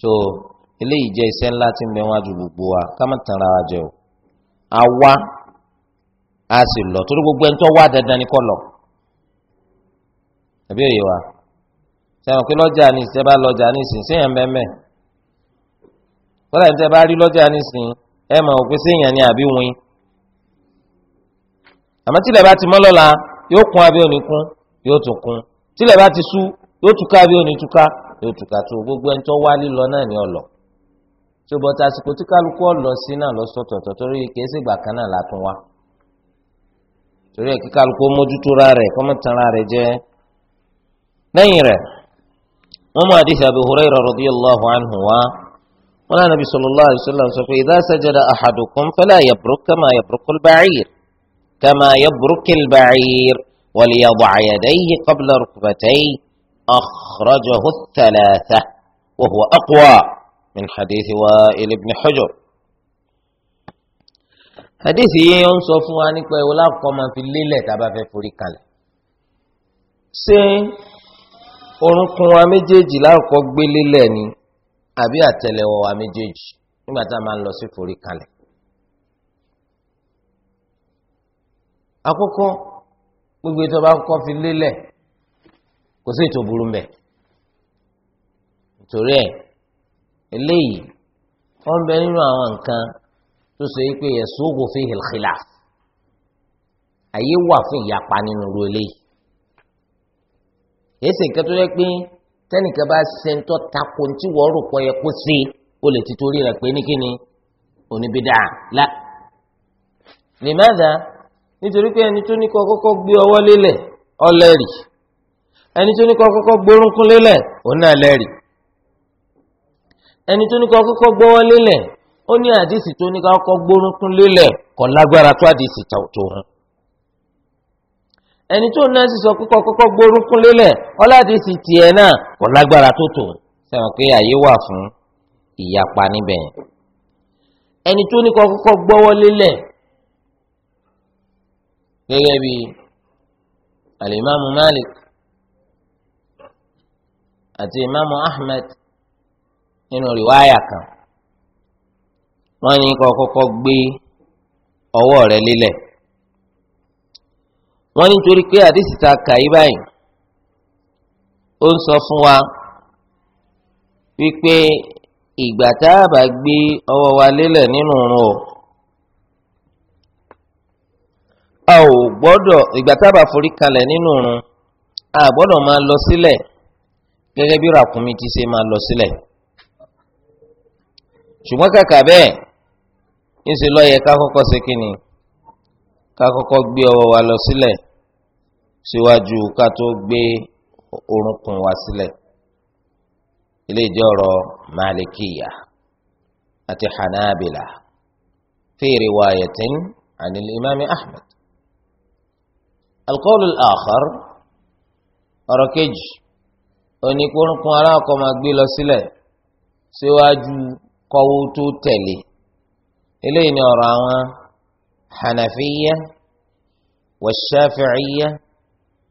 so eléyìí jẹ́ iṣẹ́ ńlá tí ń bẹ wájú gbogbo wa ká má tanra wa jẹ o a a sì lọ torí gbogbo ẹni tó wá dandan ni kó lọ àbí òye wa sẹ́wọ̀n pé lọ́jà ní ìsìn bá lọ́jà ní ìsìn séèyàn mẹ́mẹ́ kọ́lá ní tẹ́ bá rí lọ́jà ní ìsìn ẹ mọ̀ òpin séèyàn ni àbí wín àmọ́ tílẹ̀ bá ti mọ́ lọ́la yóò kún abẹ́ òní kún yóò tún kún tílẹ̀ bá ti sú yóò túká abẹ́ òní túká yóò túká tó gbogbo ẹni tó wá lílọ náà ní ọ̀lọ́ tó bọ́ ta àsìkò tí kálukú ọ̀lọ́ sí náà lọ́sọ̀tọ̀tọ̀ torí kìí ṣègbà kan náà látún wá torí ẹ̀ kí kálukú mójútó ra rẹ̀ kọ́mọ̀tàn ra rẹ̀ jẹ́ نعم وما حديث ابي هريره رضي الله عنه قال النبي صلى الله عليه وسلم فاذا سجد احدكم فلا يبرك كما يبرك البعير كما يبرك البعير وليضع يديه قبل ركبتيه اخرجه الثلاثه وهو اقوى من حديث وائل بن حجر حديث ينصف عنك ولا قوم في الليله تبع في فريقان سين orúnkún wa méjèèjì láǹkọ́ gbélé lẹ̀ ni àbí àtẹlẹwọ́ wa méjèèjì nígbà tá a máa ń lọ sí forí kalẹ̀. àkọ́kọ́ gbogbo ètò ọba kọ́ fi lélẹ̀ kò sí ètò burú mbẹ̀ nítorí ẹ̀ eléyìí wọ́n bẹ nínú àwọn nǹkan tó ṣe pé yẹ sóògùn fi hìlìlà àyè wà fún ìyapa nínú ru eléyìí èsì nǹkan tó yẹ pé tẹnìkan bá ṣe ń tọ́ tako tí wọ́n rò pọ̀ yẹ kó ṣe o lè ti torí rẹ̀ pé ní kíni oníbidà la. lèmẹ́dà nítorí pé ẹni tó ní kọ́ kọ́kọ́ gbé ọwọ́ lélẹ̀ ọlẹ́rì ẹni tó ní kọ́ kọ́kọ́ gbórúnkún lélẹ̀ òun náà lẹ́rì ẹni tó ní kọ́ kọ́kọ́ gbọ́wọ́ lélẹ̀ ó ní àdìsí tó ní kọ́ kọ́kọ́ gbórúnkún lélẹ̀ kò lágbára tó àdìsí tó hàn ẹni tó náà sì sọ kókó kókó gbórúkún lélẹ̀ ọládìí sì tiẹ̀ náà kò lágbára tó tò sẹ́wọ̀n pé àyè wà fún ìyapa níbẹ̀ yẹn ẹni tó ní kókó gbọ́wọ́ lélẹ̀ gẹ́gẹ́ bí alimami Malik àti imaamu Ahmed nínú rìwáyà kan wọ́n ní kọ́ kókó gbé ọwọ́ rẹ̀ lélẹ̀ wọ́n ní nítorí pé àdìsí ta kàyí báyìí ó ń sọ fún wa wípé ìgbà tá a bá gbé ọwọ́ wa lélẹ̀ nínú òrùn o a ò gbọ́dọ̀ ìgbà tá a bá forí kalẹ̀ nínú òrùn a gbọ́dọ̀ máa lọ sílẹ̀ gẹ́gẹ́ bí ràkúnmí ti ṣe máa lọ sílẹ̀ ṣùgbọ́n kàkà bẹ́ẹ̀ ńṣe ló yẹ ká kọ́kọ́ ṣe kínni ká kọ́kọ́ gbé ọwọ́ wa lọ sílẹ̀ síwájú ká tó gbé orúnkún wa sílẹ̀ ilé ìjọrọ̀ malikiya àti hanabila fi riwayatin عن الإمام أحمد القول الآخر أركج أني كون قراكم أقبل سلة سواجو قوت تلي إلينا راوا حنفية والشافعية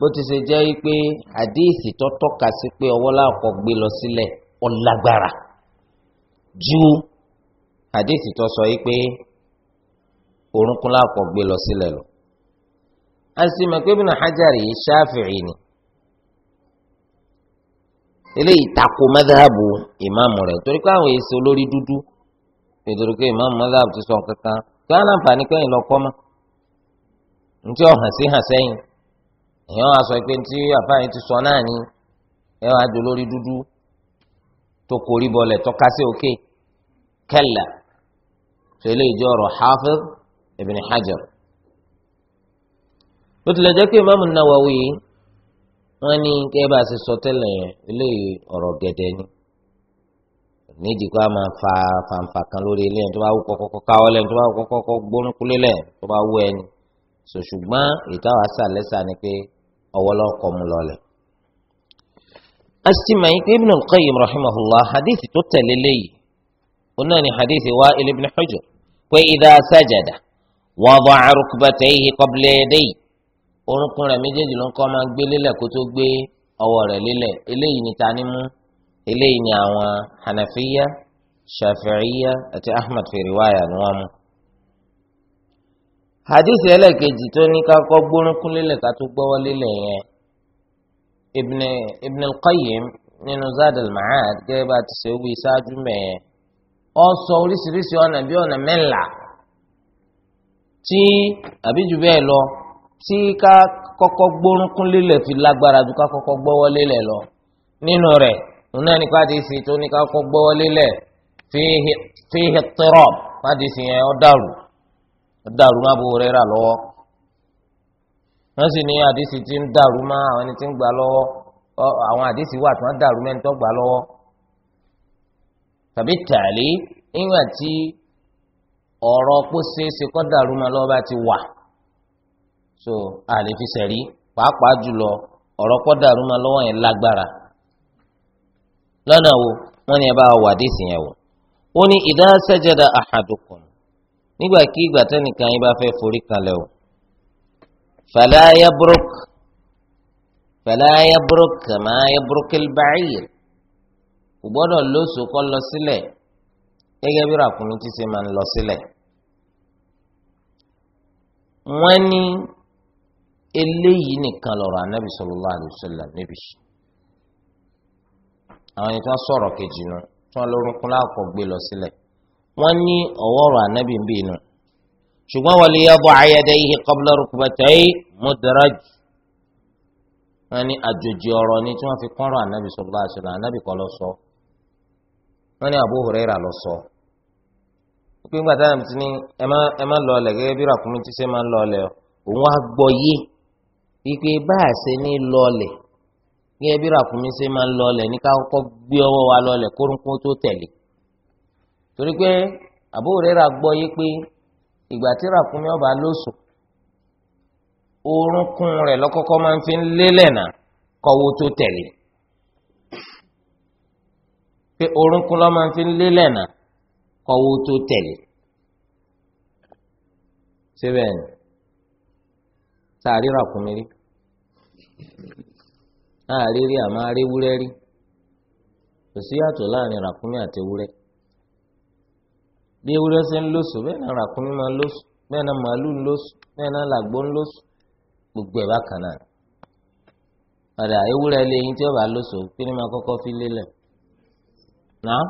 bó ti ṣe jẹ́ pé àdéhìsì tó tọ́ka sí pé ọwọ́ láàkọ́ gbé lọ sílẹ̀ ó ju àdéhìsì tó sọ pé orúnkún láàkọ́ gbé lọ sílẹ̀ lọ. a sì Hajar yìí ni eléyìí tako madhabu ìmáàmù rẹ̀ torí pé àwọn èso lórí dúdú nítorí pé ìmáàmù madhabu ti sọ nǹkan kí wọ́n á èèyàn wá sọ pé tí àfáàyàn ti sọ náà ni ẹ wá jọ lórí dúdú tó korí bọlẹ̀ tọ́ka sí òkè kẹlà tó eléyìí jẹ́ ọ̀rọ̀ Hafiz Ibn Hajar bó tilẹ̀ jẹ́ pé Imam Nawawi wọ́n ní kẹ́ bá a ṣe sọ tẹ́lẹ̀ yẹn ọ̀rọ̀ gẹ̀dẹ̀ ni nídìí kó a máa fa fanfa kan lórí ilé yẹn tó bá wù kọ́kọ́ káwọ́ lẹ́yìn tó bá wù kọ́kọ́ gbónúkulé lẹ́yìn tó bá wù ẹni sòṣùgbọ́n ìtawà sàlẹ́sà ni pé ọwọ́ lọ́kọ̀ mu lọ́lẹ̀. asitima yìí pé Ibn al-Qayyim rahimahullah hadith tó tẹ̀lé léyìí ó náà ní hadith Wa'il ibn Hujr pé idha sajada wada'a rukbatayhi qabla yadayhi orúnkún rẹ̀ méjèèjì ló ń kọ́ máa gbé lélẹ̀ kó tó gbé ọwọ́ rẹ̀ lélẹ̀ eléyìí ni tani mú eléyìí ni àwọn Hanafiya Shafi'iya àti Ahmad fi riwaya ni wọ́n mú hadith ẹlẹ́ẹ̀kejì tó ní ká kọ́ gbórúnkún lélẹ̀ ká tó gbọ́wọ́ lélẹ̀ yẹn ibn ibn al-qayyim nínú zad al-ma'ad gẹ́gẹ́ bá ti ṣe wí ṣáájú mẹ́yẹn ó sọ oríṣiríṣi ọ̀nà bí ọ̀nà mẹ́la tí àbí jù bẹ́ẹ̀ lọ tí ká kọ́kọ́ gbórúnkún lélẹ̀ fi lágbára ju ká kọ́kọ́ gbọ́wọ́ lélẹ̀ lọ nínú rẹ̀ nínú ẹni pàdé sí tó ní ká kọ́kọ́ gbọ́wọ́ lélẹ̀ fihi fihi tirab pàdé sí yẹn ó dàrú dàrú má Abu Hurairah lọ́wọ́ wọ́n sì ní àdìsí tí ń dàrú má àwọn ẹni tí ń gbà lọ́wọ́ àwọn àdìsí wà tí wọ́n dàrú mẹ́ni tó gbà lọ́wọ́ tàbí tàlí nígbà tí ọ̀rọ̀ pó ṣeéṣe kọ́ dàrú má lọ́wọ́ bá ti wà so àlè fi sẹ̀rí pàápàá jùlọ ọ̀rọ̀ pọ́ dàrú má lọ́wọ́ yẹn lágbára lọ́nà wo wọ́n ní ẹ bá wà àdìsí yẹn wò ó ní idha sajada ahadukum nígbàkigbà tẹ́nìkan yín bá fẹ́ forí kanlẹ̀ o fala yabruk fala yabruk kama yabrukil ba'ir kò gbọ́dọ̀ lóṣù kọ́ lọ sílẹ̀ gẹ́gẹ́ bí ràkúnmí ti ṣe máa ń lọ sílẹ̀ wọ́n ní eléyìí nìkan lọ̀rọ̀ anábì sallallahu alaihi wasallam níbi àwọn ẹni tí sọ̀rọ̀ kejì náà tí wọ́n lórúkún láàpọ̀ gbé lọ sílẹ̀ wọ́n ní ọwọ́ ọ̀rọ̀ ànábì ń bì nù ṣùgbọ́n wọ́n lè yàgbọ́ ayadayhi qabla rukbatayhi mudraj ní àjòjì ni tí wọ́n fi kọ́rọ̀ anabi sallallahu alaihi anabi ànábì kọ́ lọ sọ wọ́n ní Abu Hurairah lọ sọ pé ńgbà táwọn ti ní ẹ má lọ ọlẹ̀ gẹ́gẹ́ bí ràkúnmí ti ṣe máa ń lọ ọlẹ̀ òun á yé ṣe ní lọ bí ràkúnmí ṣe lọ ní ká torí pé àbúrò rẹ̀ rà gbọ́ yé pé ìgbà tí ràkúnmí ọba lóṣù orúnkún rẹ̀ lọ́kọ́kọ́ máa ń fi lélẹ̀ náà kọ́wó tó tẹ̀lé pé orúnkún lọ́ máa ń fi lélẹ̀ náà kọ́wó tó tẹ̀lé síbẹ̀ ni sàárì ràkúnmí rí àárí rí àmọ́ àárí rí kò síyàtọ̀ láàrin ràkúnmí àti wúrẹ́ bí ewúrẹ́ ṣe ń lóṣù bẹ́ẹ̀ náà ràkúnmí máa ń lóṣù bẹ́ẹ̀ náà màálù ń lóṣù bẹ́ẹ̀ náà làgbó ń lóṣù gbogbo ẹ̀ bákan náà ọ̀dà ewúrẹ́ lẹ́yìn tí ó bá lóṣù kí ni máa kọ́kọ́ fi lélẹ̀ náà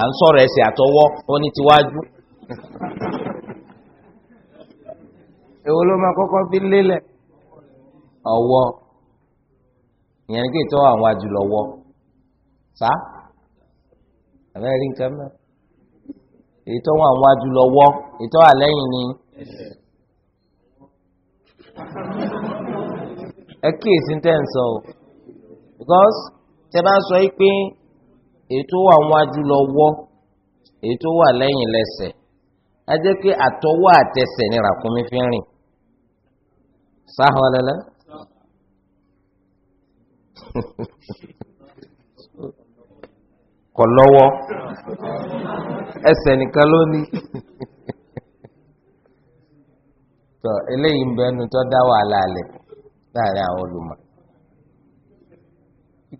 à ń sọ̀rọ̀ ẹsẹ̀ àtọwọ́ ó ní tiwájú èwo ló máa kọ́kọ́ fi lélẹ̀ ọwọ́ ìyẹn ní kí ìtọ́ àwọn àjùlọ wọ sáà àbẹ́rẹ́ rí nǹkan mọ́ èyí tó wà wájú lọ́wọ́ èyí tó wà lẹ́yìn ni ẹ kíyèsí tẹ́ ń sọ o because tẹ́ bá sọ yìí pé èyí tó wà wájú lọ́wọ́ èyí tó wà lẹ́yìn lẹ́sẹ̀ á jẹ́ pé àtọwọ́ àtẹsẹ̀ ni ràkúnmí fi ń rìn sáhọ́ lẹ́lẹ́. kò lọ́wọ́ ẹsẹ̀ nìkan ló ní tọ eléyìí ń bẹ ẹnu tó dá wàhálà lẹ láàrin àwọn olùmọ̀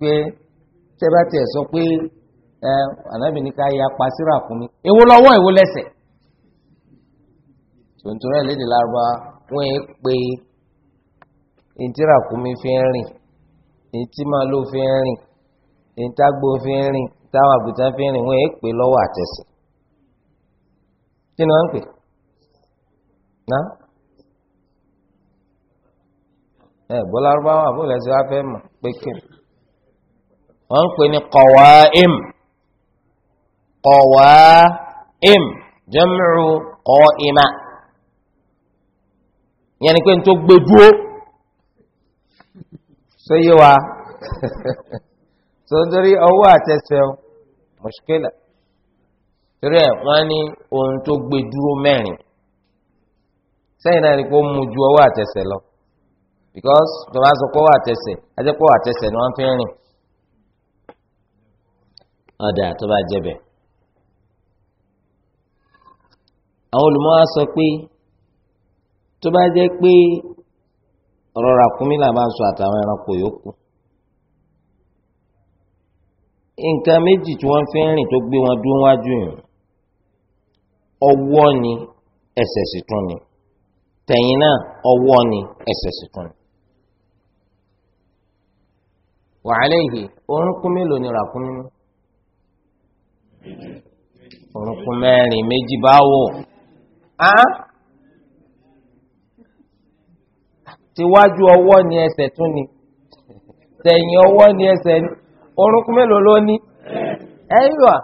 pé tẹ́ bá tiẹ̀ sọ pé ẹ ànábì ní ká ya pasírà fún mi èwo lọ́wọ́ èwo lẹ́sẹ̀ tòǹtòrò ẹ lédè lárúbá wọn ẹ pé ìtìrà kún mi fi ń rìn ìtì ló fi ń rìn ìtàgbò fi ń rìn táwọn àgùntàn fi ń rìn wọ́n èèpè lọ́wọ́ àtẹ̀sẹ̀ kí ni wọ́n ń pè ná ẹ bọ́lá arúgbáwá àbúrò ẹ̀sìn wá fẹ́ mọ̀ pé kí ni wọ́n ń pè ní qawaim qawaim jam'u qa'ima yẹn ni pé n tó gbé dúró ṣé yé wa. tó ń torí ọwọ́ àtẹsẹ̀ mọ̀ṣíkẹ́là wọn ní ohun tó gbé dúró mẹ́rin sẹ́yìn náà ni ju ọwọ́ àtẹsẹ̀ lọ because tó sọ pé ọwọ́ àtẹsẹ̀ ajẹ́ ni fi rìn ọ̀dà tó jẹbẹ sọ pé pé nǹkan méjì tí wọ́n fi ń rìn tó gbé wọn dúró wájú yìí ọwọ́ ni ẹsẹ̀ sì tún ni tẹ̀yìn náà ọwọ́ ni ẹsẹ̀ sì tún ni. wàhálẹ́ yìí orúnkún mélòó ni ràkúnmí ní orúnkún mẹ́rin méjì báwo á tiwájú ọwọ́ ni ẹsẹ̀ tún ni tẹ̀yìn ọwọ́ ni ẹsẹ̀ ni. orúnkún mélòó ló ní ẹ̀yọ́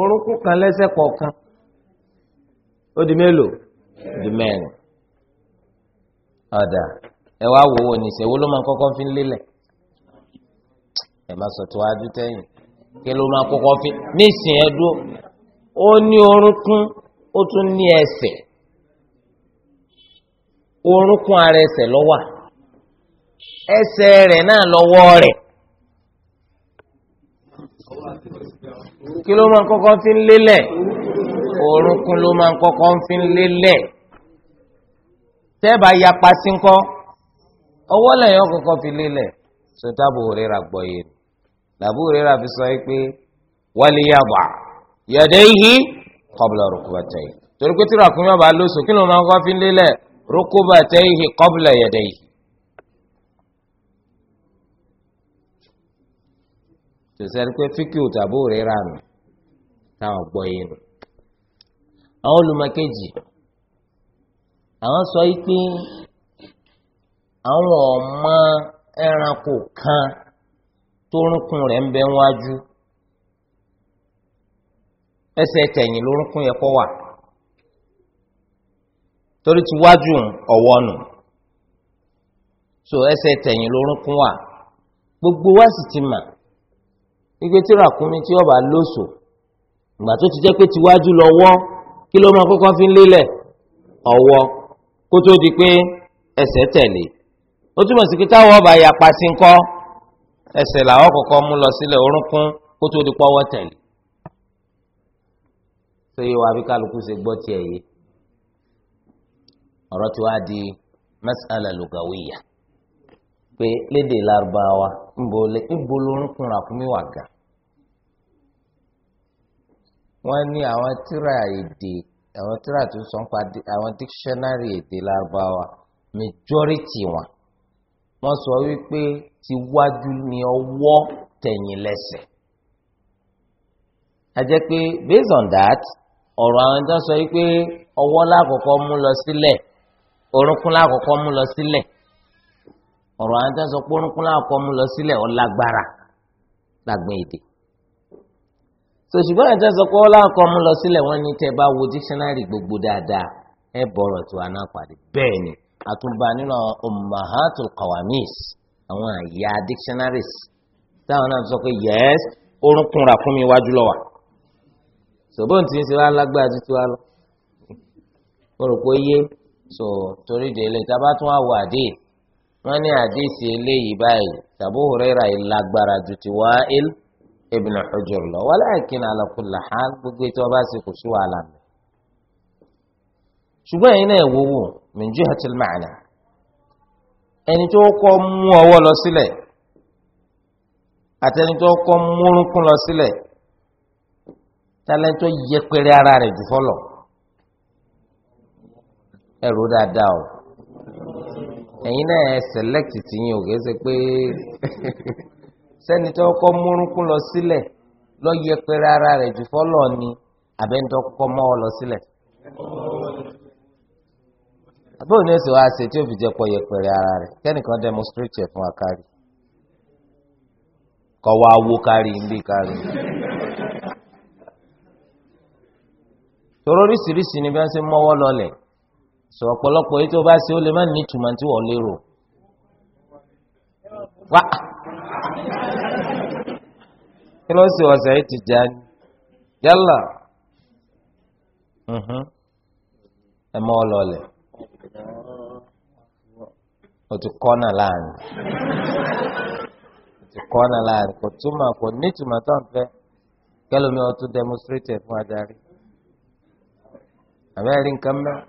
orúnkún kan lẹ́sẹ̀ kọ̀ọ̀kan ó di mélòó di mẹ́rin ọ̀dà ẹ wá wò wò ní ìṣe wo ló máa fi ń ẹ máa sọ̀tún wájú tẹ́yìn kí ló máa fi ní ìsìn ẹ dúró ó ní orúnkún ó tún ní ara wà kí ló máa ń kọ́kọ́ fi ń lélẹ̀ orúnkún ló máa ń kọ́kọ́ fi ń lélẹ̀ tẹ́ẹ̀bà yapa sí ń kọ́ ọwọ́ lẹ́yìn kọ́kọ́ fi lélẹ̀ sọtábù òrera gbọ́ yé ni làbú òrera fi sọ pé wálé yàgbà yàdé yìí kọ́bùlà rúkúbàtà yìí torí pé tí ràkúnmí ọba lóṣù kí ló máa ń kọ́ fi ń lélẹ̀ rúkúbàtà yìí kọ́bùlà yàdé yìí. tòsẹ́ni pé fíkìú tàbó rírà nù táwọn gbọ́ yé nu. àwọn olùmọ̀kejì àwọn sọ yìí pé àwọn ọmọ ẹranko kan tórúnkún rẹ̀ ń bẹ wájú ẹsẹ̀ tẹ̀yìn lórúnkún yẹ kó wà torí ti wájú ọ̀wọ́ so ẹsẹ̀ tẹ̀yìn lórúnkún wà gbogbo wa sì ti gbígbé tí ràkúnmí tí ọba lóṣò ìgbà tó ti jẹ́ pé tiwájú lọ́wọ́ kí ló máa kọ́kọ́ fi ń lélẹ̀ ọwọ́ kó tó di pé ẹsẹ̀ tẹ̀lé ó túmọ̀ sí pé táwọn ọba yapa sí ń kọ́ ẹsẹ̀ làwọn kọ̀ọ̀kan mú lọ sílẹ̀ orúnkún kó tó di pọ́wọ́ tẹ̀lé sọyẹ wa bí kálukú ṣe gbọ́ tiẹ̀ yìí ọ̀rọ̀ tí wàá di mas'ala lugawiya pé lédè lárúbáwá nbọlẹ ibolorúnkún ràkúnmí wà ga wọn ní àwọn tíra èdè àwọn tíra tó sọ ń pa àwọn dictionary èdè lárúbáwá majority wọn wọn sọ wípé tiwájú ni ọwọ́ tẹ̀yìn lẹ́sẹ̀ a jẹ́ pé based on that ọ̀rọ̀ àwọn ẹjọ́ sọ wípé ọwọ́ lákọ̀ọ́kọ́ mú lọ sílẹ̀ orúnkún lákọ̀ọ́kọ́ mú lọ sílẹ̀ ọ̀rọ̀ àwọn tán sọ pé orúnkún láàkọ́ mú lọ sílẹ̀ ọ̀lágbára lágbọ̀n èdè so ṣùgbọ́n àwọn tán sọ pé ọ̀láàkọ́ mú lọ sílẹ̀ wọ́n ní tẹ́ bá wo dictionary gbogbo dáadáa ẹ bọ̀rọ̀ tó àná pàdé bẹ́ẹ̀ ni àtúnbà nínú ummahatul qawamis àwọn àyà dictionaries táwọn náà sọ pé yes orúnkún rà fún mi wájú lọ́wọ́ sọ̀bọ́n tí ń ṣe wá lágbára tuntun wá lọ mo rò pé yé so torí délé wọ́n ní àdéhìsì eléyìí báyìí Abu Hurairah yìí lágbára ju ti Wa'il ibn Hujr lọ walakin ala kulli hal gbogbo ètò ọba sì kò sí wàhálà mi. ṣùgbọ́n ẹ̀yin náà wúwo min jihatil ma'na ẹni tó kọ́ mú ọwọ́ lọ sílẹ̀ àti ẹni tó kọ́ múrúnkún lọ sílẹ̀ tálẹ́ńtò yẹpẹrẹ ara rẹ̀ jù fọlọ̀ ẹ̀rù dáadáa o. ẹ̀yin náà ẹ select tìyín ò kìí ṣe pé sẹ́ni tó kọ́ múrúnkún lọ sílẹ̀ lọ yẹ pé rárá rẹ̀ jù ni àbẹ́ńtọ́ kọ́ mọ́ ọ lọ sílẹ̀. àbúrò ní èsì wàá ṣe tí ó fi jẹ́ pọ̀ yẹpẹrẹ ara rẹ̀ kẹ́nìkan demonstrate ẹ̀ fún wa kárí kọ́ wa wó kárí níbí kárí. torí oríṣiríṣi ni bí wọ́n ṣe mọ́wọ́ lọlẹ̀ sọ ọ̀pọ̀lọpọ̀ yìí tó bá ṣe ó lè má ní ìtumọ̀ tí wọ́n lérò. wá kí ló ṣe ọ̀sẹ̀ yìí ti jà ní yálà mm-hmm. ẹ mọ́ ọ lọlẹ̀ o ti kọ́nà láàrin o ti kọ́nà láàrin kò túmọ̀ kò ní ìtumọ̀ tó ń fẹ́ kẹlòmí ọtún demonstrate fún adarí àbẹ́rẹ́ nǹkan mẹ́rin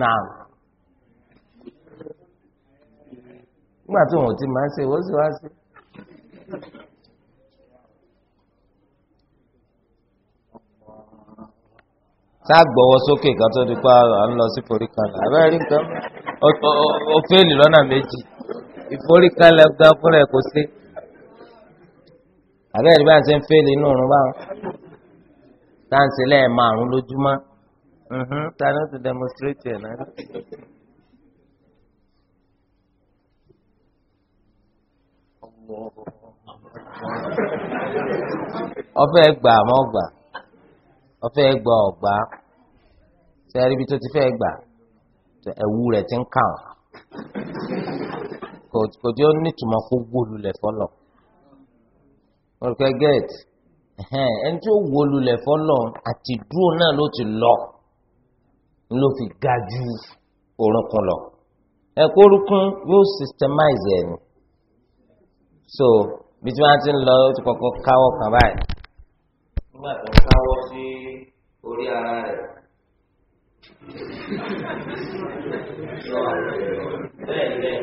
náà nígbà tí wọn ò ti máa ń ṣe wọ́n sì wá sí. tá a gbọ́wọ́ sókè kan tó di pa à ń lọ sí foríkalẹ̀ abẹ́rẹ́ rí nǹkan ó fẹ́ẹ̀lì lọ́nà méjì ìforíkalẹ̀ gan fúnra ẹ̀ kò sí abẹ́rẹ́ rí bá ń ṣe ń fẹ́ẹ̀lì inú ọ̀run báwọn tá à lẹ́ẹ̀ márùn-ún lójúmọ́ ta ni ó ti demonstrate ẹ̀ náà. ọfẹ gbà àmọ́ gbà ọfẹ gbà ọgbà sẹẹrí ibi tó ti fẹ́ gbà ẹ̀wù rẹ̀ ti ń kàn kò tí ó nítumọ̀ kó gbólulẹ̀ fọlọ olùkọ gẹẹt ẹni tí ó gbólulẹ̀ fọlọ àti dúró náà ló ti lọ ló fi ga ju orúnkún lọ ẹ̀kọ́ orúnkún yóò systemize ẹ̀ ni so bí tí wọ́n ti ń lọ ó ti kọ́kọ́ káwọ́ kan báyìí nígbà tó ń káwọ́ sí orí ara rẹ̀ bẹ́ẹ̀ bẹ́ẹ̀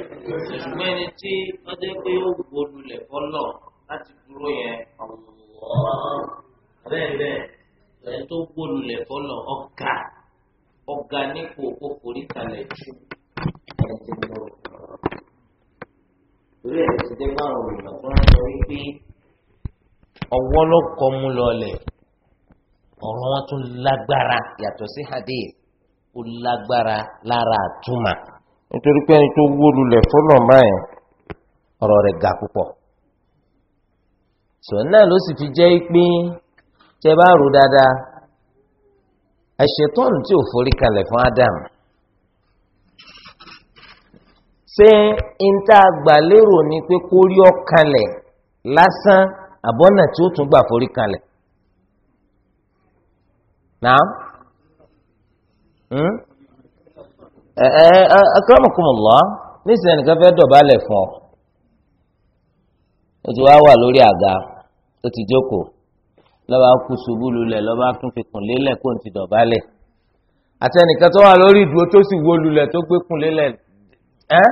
ṣùgbọ́n ẹni tí wọ́n jẹ́ pé ó gbólulẹ̀ bọ́lọ̀ láti dúró yẹn bẹ́ẹ̀ bẹ́ẹ̀ ẹni tó gbólulẹ̀ bọ́lọ̀ ọ̀gá ọ̀gá nípò kó forí kalẹ̀ jù ẹni tí mo rò. Torí ẹ̀rọ ti dé bá àwọn olùmọ̀ tó ń sọ wípé ọwọ́ ló kọ́ mú lọlẹ̀ ọ̀rọ̀ wọn tún lágbára yàtọ̀ sí hadith ó lágbára lára àtúmà. nítorí pé ẹni tó wó lulẹ̀ fọlọ̀ báyìí ọ̀rọ̀ rẹ̀ ga púpọ̀. sọ̀rọ̀ ló sì fi jẹ́ pé tẹ bá rò dáadáa. àṣetọ́nù tí ò forí kalẹ̀ fún adam ṣé níta gbàlérò ni pé kó rí ọ̀kalẹ̀ lásán àbọ̀nà tí ó tún gbà forí kalẹ̀ náà hmm? ẹ ẹ nísìnyẹn nìkan fẹ́ dọ̀bálẹ̀ fún ọ o ti wá wà lórí àga o ti jókòó lọ́ba kú ṣubú lulẹ̀ lọ́ba tún fi kùn lélẹ̀ kó n ti dọ̀bálẹ̀ àtẹnìkan tó wà lórí ìdúró tó sì wó lulẹ̀ tó gbé kùn lélẹ̀ ẹ́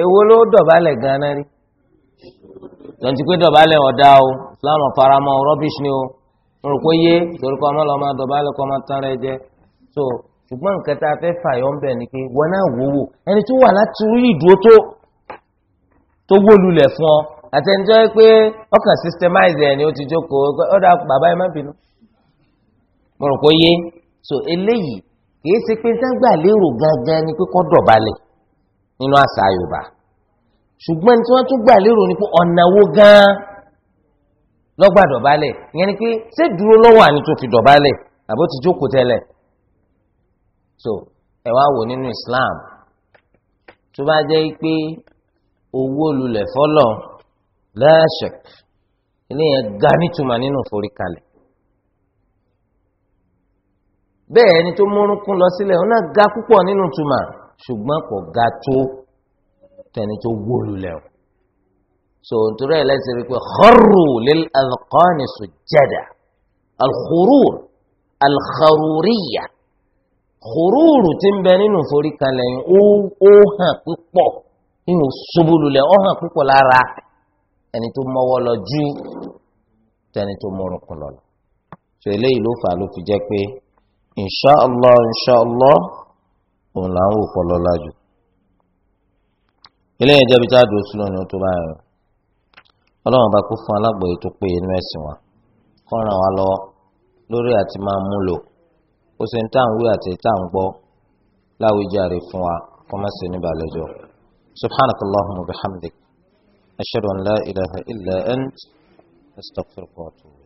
èwo ló dọ̀bálẹ̀ gan-an rí tọ́ntì pé dọ̀bálẹ̀ ọ̀dà o Islam faramọ́ rubbish ni o mo rò pé yé torí kọ́ ọmọ lọ́mọ dọ̀bálẹ̀ kọ́ ọmọ tán rẹ jẹ so ṣùgbọ́n nǹkan tá a fẹ́ fàyọ̀ ń bẹ̀ ni pé wọn náà wò wò ẹni tó wà láti rí ìdúró tó tó wó lulẹ̀ fún ọ àtẹnudọ́ yẹ pé ọkàn systemize ẹ̀ ni ó ti jókòó ó dà bàbá ẹ má bínú mo rò pé yé so eléyìí kìí ṣe pé dágbà lérò gangan ni pé kọ́ dọ̀balẹ̀ nínú àṣà Yorùbá ṣùgbọ́n tí wọ́n tún gbà lérò ni pé ọ̀nà wo gan-an lọ́gbà dọ̀balẹ̀ ìyẹn ni pé ṣé dúró lọ́wọ́ àní tó fi dọ̀balẹ̀ àbó ti jókòó tẹ́lẹ̀ so ẹ wá wò nínú Islam tó bá jẹ́ pé owó lulẹ̀ fọ́lọ́ọ̀ lẹ́ṣẹ̀k eléyẹn ga nítumọ̀ nínú foríkalẹ̀ bẹ́ẹ̀ ẹni tó múrúnkún lọ sílẹ̀ ọ̀nà ga púpọ̀ nínú tumọ̀ ṣùgbọ́n kò ga tó tẹni tó wóolu lẹ̀ so nítorí ẹ̀ lẹ́sìn rí pé kharru lil adqani sujada alkhurur alkharuriya khururu ti ń bẹ nínú foríkalẹ̀ yìí ó hàn púpọ̀ nínú ṣubúlulẹ̀ ó hàn púpọ̀ lára ẹni tó mọ́wọ́ lọ ju tẹni tó mọ́rùnkùn lọ lọ so eléyìí ló fà á ló fi jẹ́ pé insha allah insha allah òun là ń wò pọ̀ lọ́la jù eléyìí jẹ́ bí tá a dùn sínú ni ó tó bá yẹn ọlọ́run bá kó fún alágbòye tó pé inú ẹ̀sìn wa kó ràn lọ lórí àti máa mú lò ó ṣe ń tà ń wí àti tà ń gbọ́ láwùjáre fún wa kó má ṣe ní wa bihamdik. أشهد أن لا إله إلا أنت أستغفرك وأتوب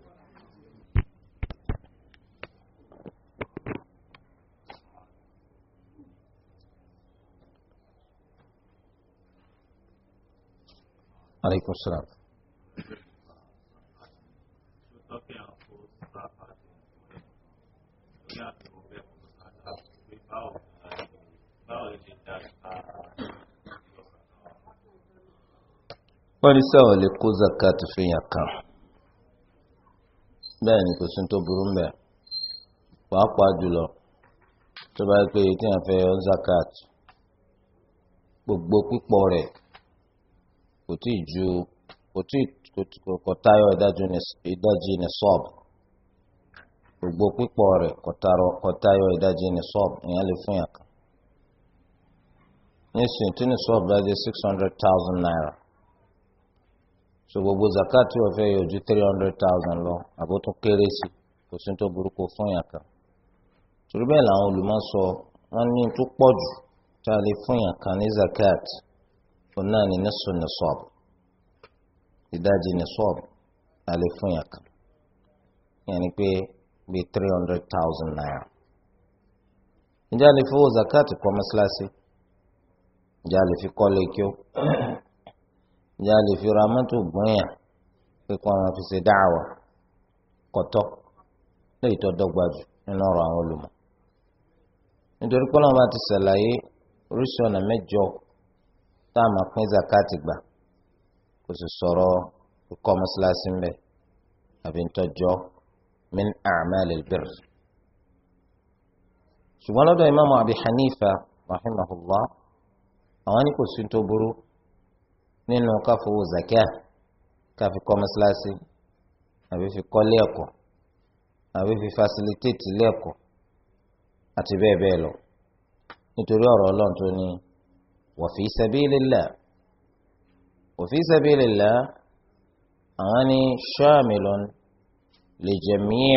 عليكم السلام wọ́n ní sáwọn lè kó zakat fìyàn kan bẹ́ẹ̀ ni kò sí tó burú mẹ́ pàápàá jùlọ tó bá pé tí wọ́n fẹ́ yọ zakat gbogbo pípọ̀ rẹ̀ kò tí ì ju kò tí kò tayọ ìdajì ní sọ́ọ̀bù gbogbo pípọ̀ rẹ̀ kò tayọ ìdajì ní sọ́ọ̀bù ìyẹn lè fún yàn kan nísìnyí tí sọ́ọ̀bù bá jẹ́ six hundred thousand naira so gbogbo zakati wọ́n fẹ́ yọjú three hundred thousand lọ àbó tó kéré sí kò sí tó burúkú fún yàn kan torí bẹ́ẹ̀ làwọn olùmọ̀ sọ wọ́n ní tó pọ̀ jù tá a lè fún yàn kan ní zakati fún náà ní nísò nisab ìdajì nisab tá a lè fún yàn kan yẹn pé bí three hundred thousand naira ǹjẹ́ a lè fowó zakati kọ́ mọ́sálásí ǹjẹ́ a lè fi kọ́ lé ìyá lè fi ra mọ́tò gbọ́nyà pé kó àwọn fi ṣe dáàwà kọ̀tọ́ lẹ́yìn tó dọ́gba jù nínú ọ̀rọ̀ àwọn olùmọ̀ nítorí pé ọlọ́run bá ti ṣàlàyé oríṣi ọ̀nà mẹ́jọ tá a máa pín zakati gbà kò sì sọ̀rọ̀ ikọ́ mọ́ṣáláṣí ń bẹ̀ àbí ń min a'malil birr ṣùgbọ́n lọ́dọ̀ imáàmù Abi Hanifa rahimahullah àwọn ní kò sí tó burú nínú káfowó zakia káfi kọ́ mọ́sálásí àbí fi kọ́lé ẹ̀kọ́ àbí fi fasilitéètì ilé ẹ̀kọ́ àti bẹ́ẹ̀ bẹ́ẹ̀ lọ nítorí ọ̀rọ̀ ọlọ́run tó ní wa fi sabilillah wa fi sabilillah àwọn ní shamilun li jami'i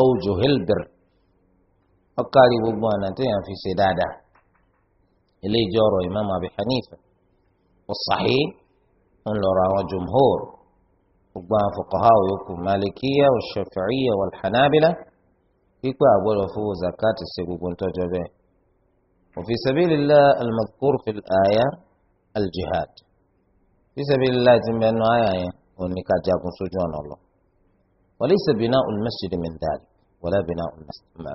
awjuhil bir ọkàrí gbogbo ọ̀nà téèyàn fi ṣe dáadáa ilé ìjọ ọ̀rọ̀ Imam Abi Hanifa ó sahih. wọn lọ ra àwọn jumhur gbogbo àwọn fuqaha yòókù malikiya shafi'iya walhanabila pípẹ́ àgbọ̀dọ̀ fún zakati ṣe gbogbo ntọ́jọ́ bẹ́ẹ̀ òfin sabilillah almadhkur fi aya aljihad fi sabilillah ti mẹ́nu àyà yẹn òní ká jagun sójú ọ̀nà lọ walaysa bina'ul masjid min dhalik wala bina'ul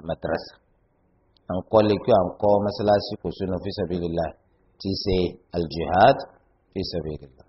madrasa à ń kọ́ lẹ́kí à ń kọ́ mọ́sálásí kò sínú fi sabilillah ti ṣe aljihad fi sabilillah.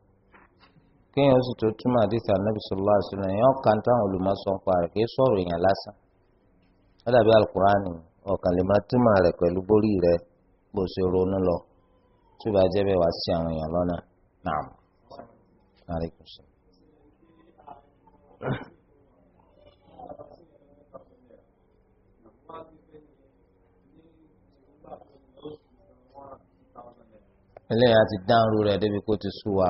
kéèyàn sì tó túmọ̀ àdìsá nàbì sọlá àṣìlẹ̀ yẹn ọ̀kan táwọn olùmọ̀sán pa rẹ̀ kì í sọ̀rọ̀ èèyàn lásán lọ́dàbí alukurani ọ̀kan lè máa túmọ̀ rẹ̀ pẹ̀lú bórí rẹ̀ bó ṣe ronú lọ tí ó bá jẹ́ bẹ́ẹ̀ wá sí àwọn èèyàn lọ́nà náà.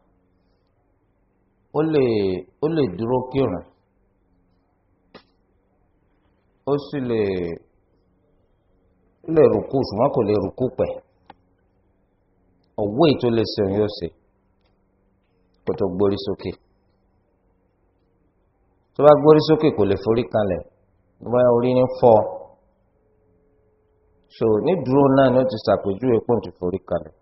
ó lè ó lè dúró kírun ó sì lè ó lè rúkú ṣùgbọ́n kò lè rúkú pẹ̀ ọ̀wọ́ ètò lè ṣe òun yóò ṣe kó tó gbórí sókè tó bá gbórí sókè kò lè forí kanlẹ̀ tó bá orí ní fọ́ so ní dúró náà ni ó ti ṣàpèjúwe pé òun ti forí kanlẹ̀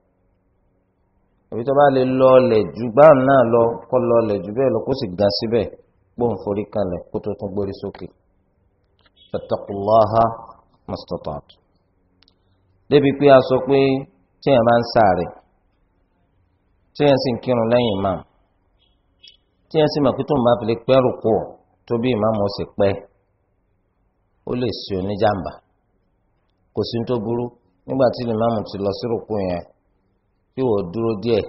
èyí tó bá lè lọ ọlẹ̀ jù báwọn náà lọ kọ́ lọ ọlẹ̀ jù bẹ́ẹ̀ lọ kó sì ga síbẹ̀ gbóhùn forí kalẹ̀ kó tó tún gbórí sókè fattaqullaha mastata'tu. débi pé a sọ pé tíyẹn máa ń sáré tíyẹn sì ń kírun lẹ́yìn imam tíyẹn sì mọ̀ pé tó ń bá fi lè pẹ́ rúkú tó bí imam ó sì pẹ́ ó lè ṣe oníjàmbá kò sí ní tó burú nígbà tí imam ti lọ sí rúkú yẹn kí wọ́n dúró díẹ̀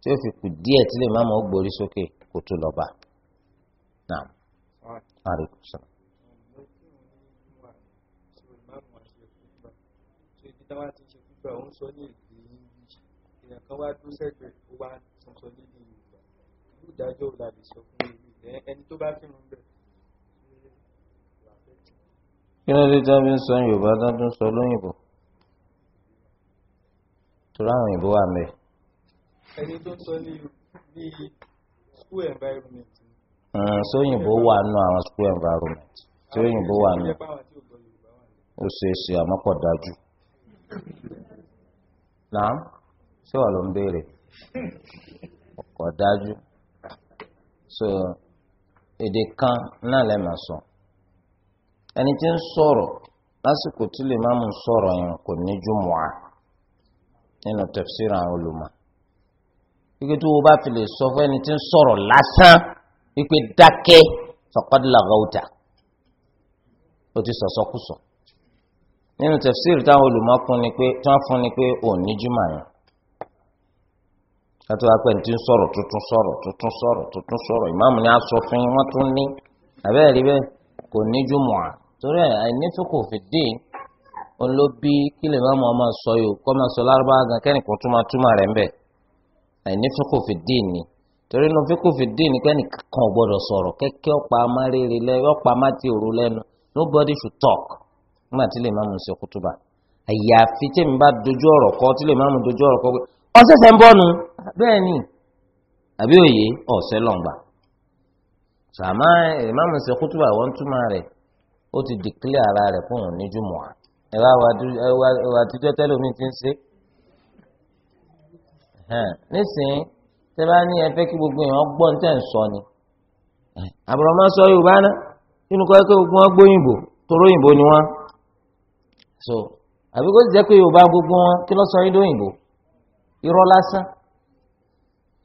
tí ó fi kù díẹ̀ tí lè má mọ̀ gbórí sókè kó tó lọ́ba. kí ló dé tí wọ́n fi ń sọ yorùbá tó ń sọ lóyìnbó torí àwọn òyìnbó wà mẹ́. ẹni tó sọ ní bíi school environment. sóyìnbó wà nù àwọn school environment sóyìnbó wà nù ó ṣe é ṣe àmọ́ pọ̀ dájú. náà ṣé wà ló ń béèrè ọkọ̀ dájú so èdè kan náà lè máa sọ ẹni tí ń sọ̀rọ̀ lásìkò tí lè má mú sọ̀rọ̀ yẹn kò ní jùmọ̀ á nínú tafsir àwọn olùmọ̀ wípé tí wo bá fi lè sọ fún ẹni tí ń sọ̀rọ̀ lásán wípé dákẹ́ faqad laghawta ó ti sọ̀sọ́kùsọ nínú tafsir táwọn olùmọ̀ kún ni pé tí wọ́n fún ni pé òní jùmọ̀ yẹn kátó wá pé ní ti ń sọ̀rọ̀ tuntun sọ̀rọ̀ tuntun sọ̀rọ̀ tuntun sọ̀rọ̀ ìmáàmù ni a sọ fún yín wọ́n tún ní àbẹ́rẹ́ rí bẹ́ẹ̀ kò ní jùmọ̀ à torí àìnífẹ́ kò fi dín òun ló bí kí lè má mọ ọmọ sọ yòó kọ́ máa sọ lárúbáwá gan kẹ́nìkan túmọ̀ túmọ̀ rẹ̀ ń bẹ̀ àìní fíkò fi dín ni torí inú fíkò fi dín ni kẹ́nìkan ò gbọ́dọ̀ sọ̀rọ̀ kẹ́kẹ́ ọ̀pá amárèrè lẹ́yìn ọ̀pá amátì òru lẹ́nu nobody should talk nígbà tí lè má mọ sọ kútùbà àyàfi tèmi bá dojú ọ̀rọ̀ kọ tí lè má mọ dojú ọ̀rọ̀ kọ pé ọ̀sẹ̀sẹ̀ ń bọ̀ nu bẹ́ẹ̀ ni àbí òye ọ̀sẹ̀ lọ́ngbà sàmá ìmáàmù kútùbà wọ́n túmọ̀ rẹ̀ ó ti dìklẹ́ ara rẹ̀ fún òun ní jùmọ̀á ẹ wá wà àtijọ́ tẹ́lómi ti ń ṣe. nísìnyí tẹ bá ní ẹ fẹ́ kí gbogbo èèyàn gbọ́ ní tẹ̀ ń sọ ni. àbúrò sọ yorùbá náà nínú kọ́ pé gbogbo wọn gbóyìnbó toró òyìnbó ni wọn. so àbí kó jẹ́ pé yorùbá gbogbo wọn kí ló sọ yín dóyìnbó irọ́ lásán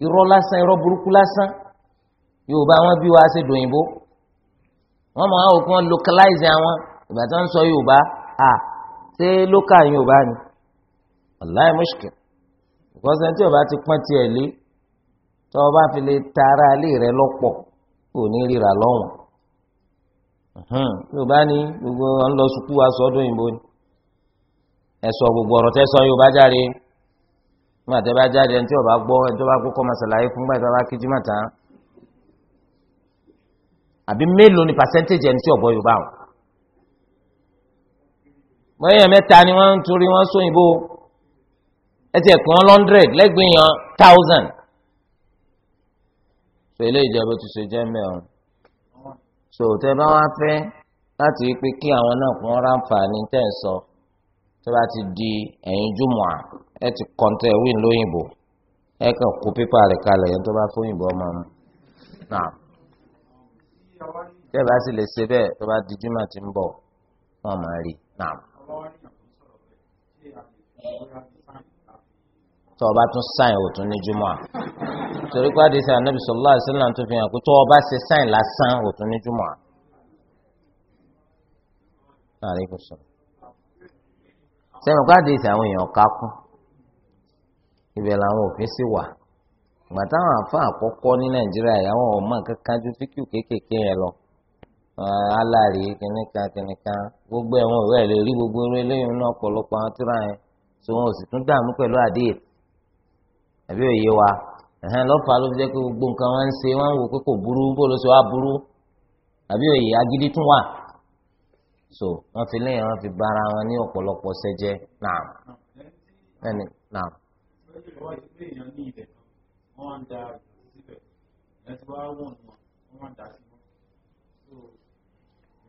irọ́ lásán irọ́ burúkú lásán yorùbá wọn bí wàá ṣe dòyìnbó wọn mọ àwọn òkú wọn localize àwọn ìgbà tí wọn sọ yorùbá ṣé lókà yín ò bá ní ọláì mùṣkìl ìkọsẹ̀ tí ọba ti pọ́n tiẹ̀ lé tí ọba fi lè ta ara ilé rẹ lọ́pọ̀ kò ní ríra lọ́wọ́n yorùbá ní gbogbo ọ̀n lọ sùkú wa sọ́dún òyìnbó ni ẹ sọ gbogbo ọ̀rọ̀ tẹ́ sọ yorùbá jáde fún àtẹ́bá jáde ẹni tí ọba gbọ́ ẹni tí ọba kó kọ́ fún gbàgbé wa kí jimá tán àbí mélòó ni pàṣẹ́ntéèjì ẹni tí ọ̀gbọ́ yorùbá wọn mọ̀nyẹ́yẹ mẹ́ta ni wọ́n ń torí wọ́n sóyìnbó ẹsẹ̀ kan lọ́ndrẹ̀d lẹ́gbẹ̀ẹ́ yẹn táwùsàn. sọ ilé ìjọba ti ṣe jẹ́ mẹ́rin. sọ tẹ́ bá wá fẹ́ láti rí pé kí àwọn náà kún ráǹfààní tẹ̀ ń sọ tó bá ti di ẹ̀yìn jùmọ̀ à ẹ ti kọ́ńtẹ̀ wíìn lóyìnbó ẹ kàn kó pépà rẹ̀ kalẹ̀ yẹn tó bá fóyìnbó ọmọ mi. tẹ́ bá sì lè ṣe bẹ́ẹ̀ tó bá di jùmọ̀ ti ń bọ̀ wọ́n máa rí náà tó o bá tún sáìn o tún ní júmọ́ à torí pé àdìsí ànábì sallallahu alaihi wasallam tó fi hàn pé tó o bá ṣe sáìn lásán o tún ní júmọ́ à. sẹ́yìn pé àdìsí àwọn èèyàn ká kún ibẹ̀ làwọn òfin sì wà gbàtà àwọn àfa àkọ́kọ́ ní nàìjíríà yà wọ́n ò mọ̀ kankan ju fíkìú kéékèèké yẹn lọ. Eh, alárè kìnìkan kìnìkan gbogbo ẹ̀wọ̀n ẹ̀ gbogbo eré lẹ́yìn náà ọ̀pọ̀lọpọ̀ àwọn yẹn tí wọn sì tún dààmú pẹ̀lú àbí wa lọ́fà ló gbogbo nǹkan wọn ń ṣe wọn ń wò pé kò burú so fi lẹ́yìn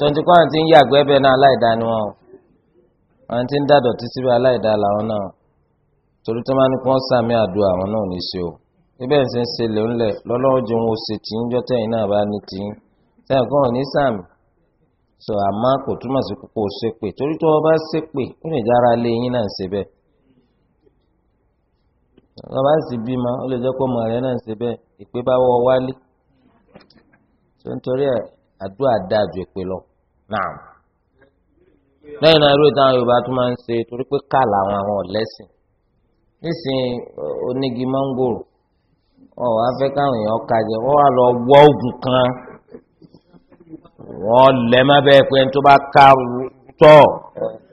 tọ́ntì kó àǹtí ń yàgbẹ́ bẹ́ẹ̀ náà aláìdá ni wọn o ti ń dàdọ̀ tí síbi aláìdá làwọn náà torí tó máa ní kí wọ́n sàmì àdúrà àwọn náà ní í ṣe o bíbẹ̀ ń ṣe ń ṣe lónìí ń sọ àmọ́ kò túmọ̀ sí kókó torí tó o bá ó lè àdúrà dáa ju èpè lọ náà lẹ́yìn náà irú ìtàn yorùbá tó máa ń ṣe torí pé ká làwọn àwọn ọ̀lẹ́sìn nísìnyí onígi mọ́ngòrò ọ̀ wá fẹ́ káwọn èèyàn kájẹ wọ́n wá lọ wọ́ oògùn kan wọ́n lẹ́ má bẹ́ẹ̀ pé tó bá ká tọ̀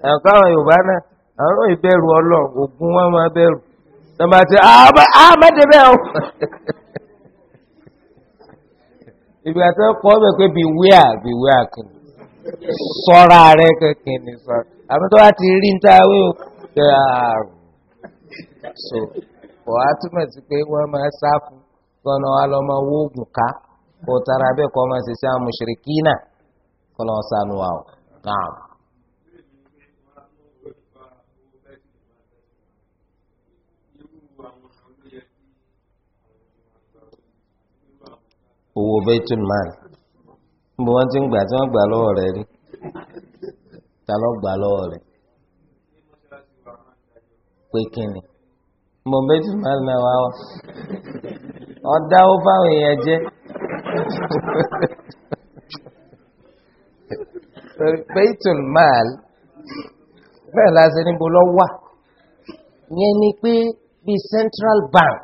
ẹ̀ káwọn yorùbá náà àárọ̀ ìbẹ̀rù ọlọ́ọ̀ oògùn wọn máa bẹ̀rù tọ́ba ti àmọ́ ah, àmọ́ ah, débẹ̀ o. ibi àti ọkọ ọbẹ pé beware beware kìnnì sọ́ra rẹ kìnnì sọ́ra àmì tó bá ti rí níta wí o ṣe àrùn so ọ á túmọ̀ sí pé wọ́n máa sá fún kọ́nà wa lọ́ máa wó oògùn ká kó tara bẹ́ẹ̀ kọ́ máa ṣe sí àwọn náà kọ́nà ọ̀sán wa náà. owó baitul mal níbo wọ́n ti ń gbà tí wọ́n gbà lọ́wọ́ rẹ̀ rí ta ló gbà lọ́wọ́ rẹ̀ pé kíni níbo baitul mal náà wá wá ọ dáwó fáwọn èèyàn jẹ baitul mal bẹ́ẹ̀ la ṣe níbo lọ wà yẹn ni pé bíi central bank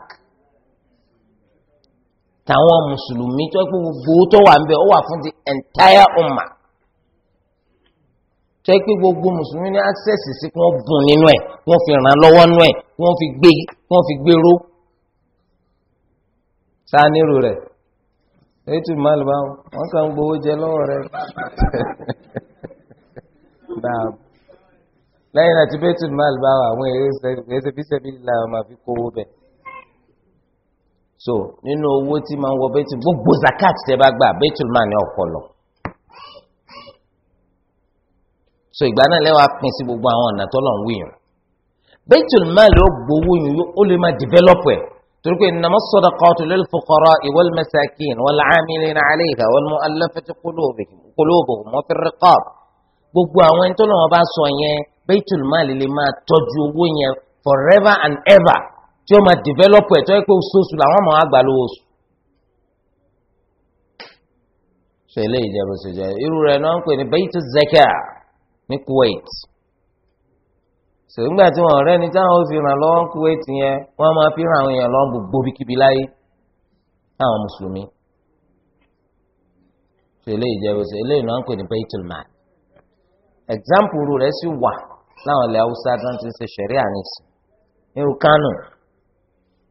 tàwọn mùsùlùmí tó pé gbogbo tó wà ń bẹ ó wà fún the entire umma tó pé gbogbo mùsùlùmí ní access sí kí wọ́n bùn nínú ẹ̀ kí wọ́n fi ràn lọ́wọ́ nínú ẹ̀ kí wọ́n fi gbé kí wọ́n fi gbèrò sáà nírú rẹ̀ ètò ìmọ̀lùbá wọn kàn ń gbowó jẹ lọ́wọ́ rẹ̀ lẹ́yìn àti bẹ́tù ìmọ̀lùbá àwọn èrè ṣe fi ṣẹ́bi líla ọmọ àfi kówó bẹ́ẹ̀ so nínú owó tí máa ń wọ bẹ́tì gbogbo zakat tẹ bá gbà bẹ́tì máa ní ọ̀pọ̀lọ. so ìgbà náà lẹ́wọ̀ pín sí gbogbo àwọn ọ̀nà tọ́lọ̀ ń wíyàn bẹ́tì máa lè gbowó yìí ó lè máa develop ẹ̀ torí pé innama sadaqatu lil fuqara'i wal masakin wal 'amilina 'alayha wal mu'allafati qulubuhum wa fir riqab gbogbo àwọn ẹni tọ́lọ̀ wọn bá sọ yẹn bẹ́tì máa lè máa tọ́jú owó yẹn forever and ever tí ó máa dìvẹ́lọ́pù ẹ̀ tó yẹ pé oṣooṣù làwọn máa gbà lówó oṣù. ṣe ilé ìjẹ̀bù ṣèjọ irú rẹ̀ náà ń pè ní bẹ́ẹ̀tù zẹ́kà ní Kuwait. sèǹgbà tí wọn rẹ́ ni táwọn fi ràn lọ́wọ́ Kuwait yẹn wọ́n máa fi ràn àwọn èèyàn lọ́wọ́ gbogbo bíkíbi láyé àwọn mùsùlùmí. ṣe ilé ìjẹ̀bù ṣe ilé ìnáwó ń pè ní bẹ́ẹ̀tù màá. ẹ̀gbáǹpù rẹ̀ sì wà láwọn ilẹ̀ haúsá tó ń ti ṣe ṣẹ̀rí àníṣe nírú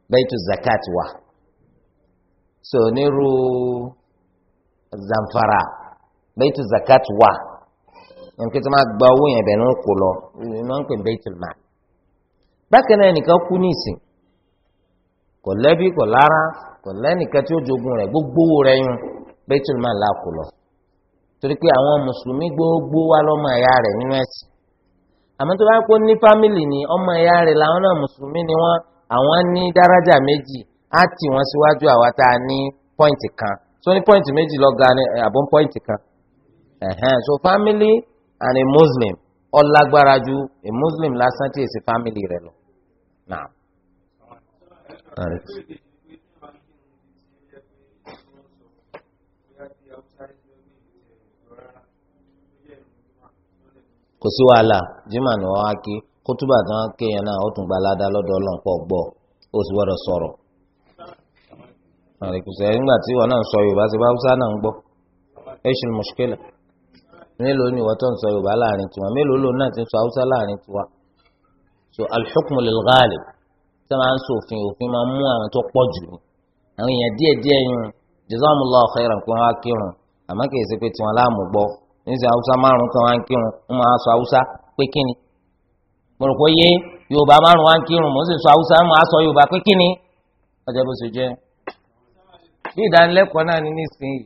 baitu zakat wa, so nírú zamfara baitu zakat wa, nǹkan tó máa gba owó yẹn bẹ̀rẹ̀ ń kó lọ ní ń pè baitul mal bákan náà ẹnìkan kú ní ìsìn kò lẹ́bí kò lára kò lẹ́nìkan tí ó jogun rẹ̀ gbogbo owó rẹ̀ yún baitul mal la kó lọ torí pé àwọn mùsùlùmí gbogbo wa lọ́mọ ẹ̀yà rẹ̀ nínú ẹ̀sìn àmọ́ tó bá kó ní fámìlì ni ọmọ ẹ̀yà rẹ̀ làwọn náà mùsùlùmí ni wọ́n àwọn ní dáràjà méjì á tì wọ́n síwájú àwa tá a ní pọ́ìntì kan so ní pọ́ìntì méjì lọ́ga ni eh, àbọ̀ pọ́ìntì kan so family and a muslim ọlágbára ju a muslim lásán tí èsì family rẹ lọ. Naam. kò sí wàhálà jimá ni wọ́n á kí. kótóbà tí wọn kéèyàn náà ó tún gba aládá lọ́dọ̀ Ọlọ́run pọ gbọ́ ó sì wọdọ sọ̀rọ̀ àrèkùsẹ nígbà tí wọn náà sọ Yorùbá sí báwùsá náà ń gbọ́ ẹṣin mọṣúkẹlẹ mélòó ni ìwọ tó ń sọ Yorùbá láàrin tiwọn mélòó lòun náà ti ń sọ Haúsá láàrin tiwa so alḥukmu lil ghalib tí wọn máa ń sòfin òfin máa ń mú àwọn tó pọ̀ jù àwọn èèyàn díẹ̀ díẹ̀ yun jazakumullahu khairan kí wọn wá kírun àmọ́ kì í ṣe pé tiwọn láàmú gbọ́ ní sọ Haúsá márùn kan wá kírun wọn máa sọ Haúsá pé kíni mọ̀rọ̀kọ yé yorùbá márùn wá ń kírun mọ̀ ó sì sọ haúsá mọ̀ á sọ yorùbá pé kíni ọjà bó ṣe jẹ́. bí ìdánilẹ́kọ̀ọ́ náà ní nísìnyí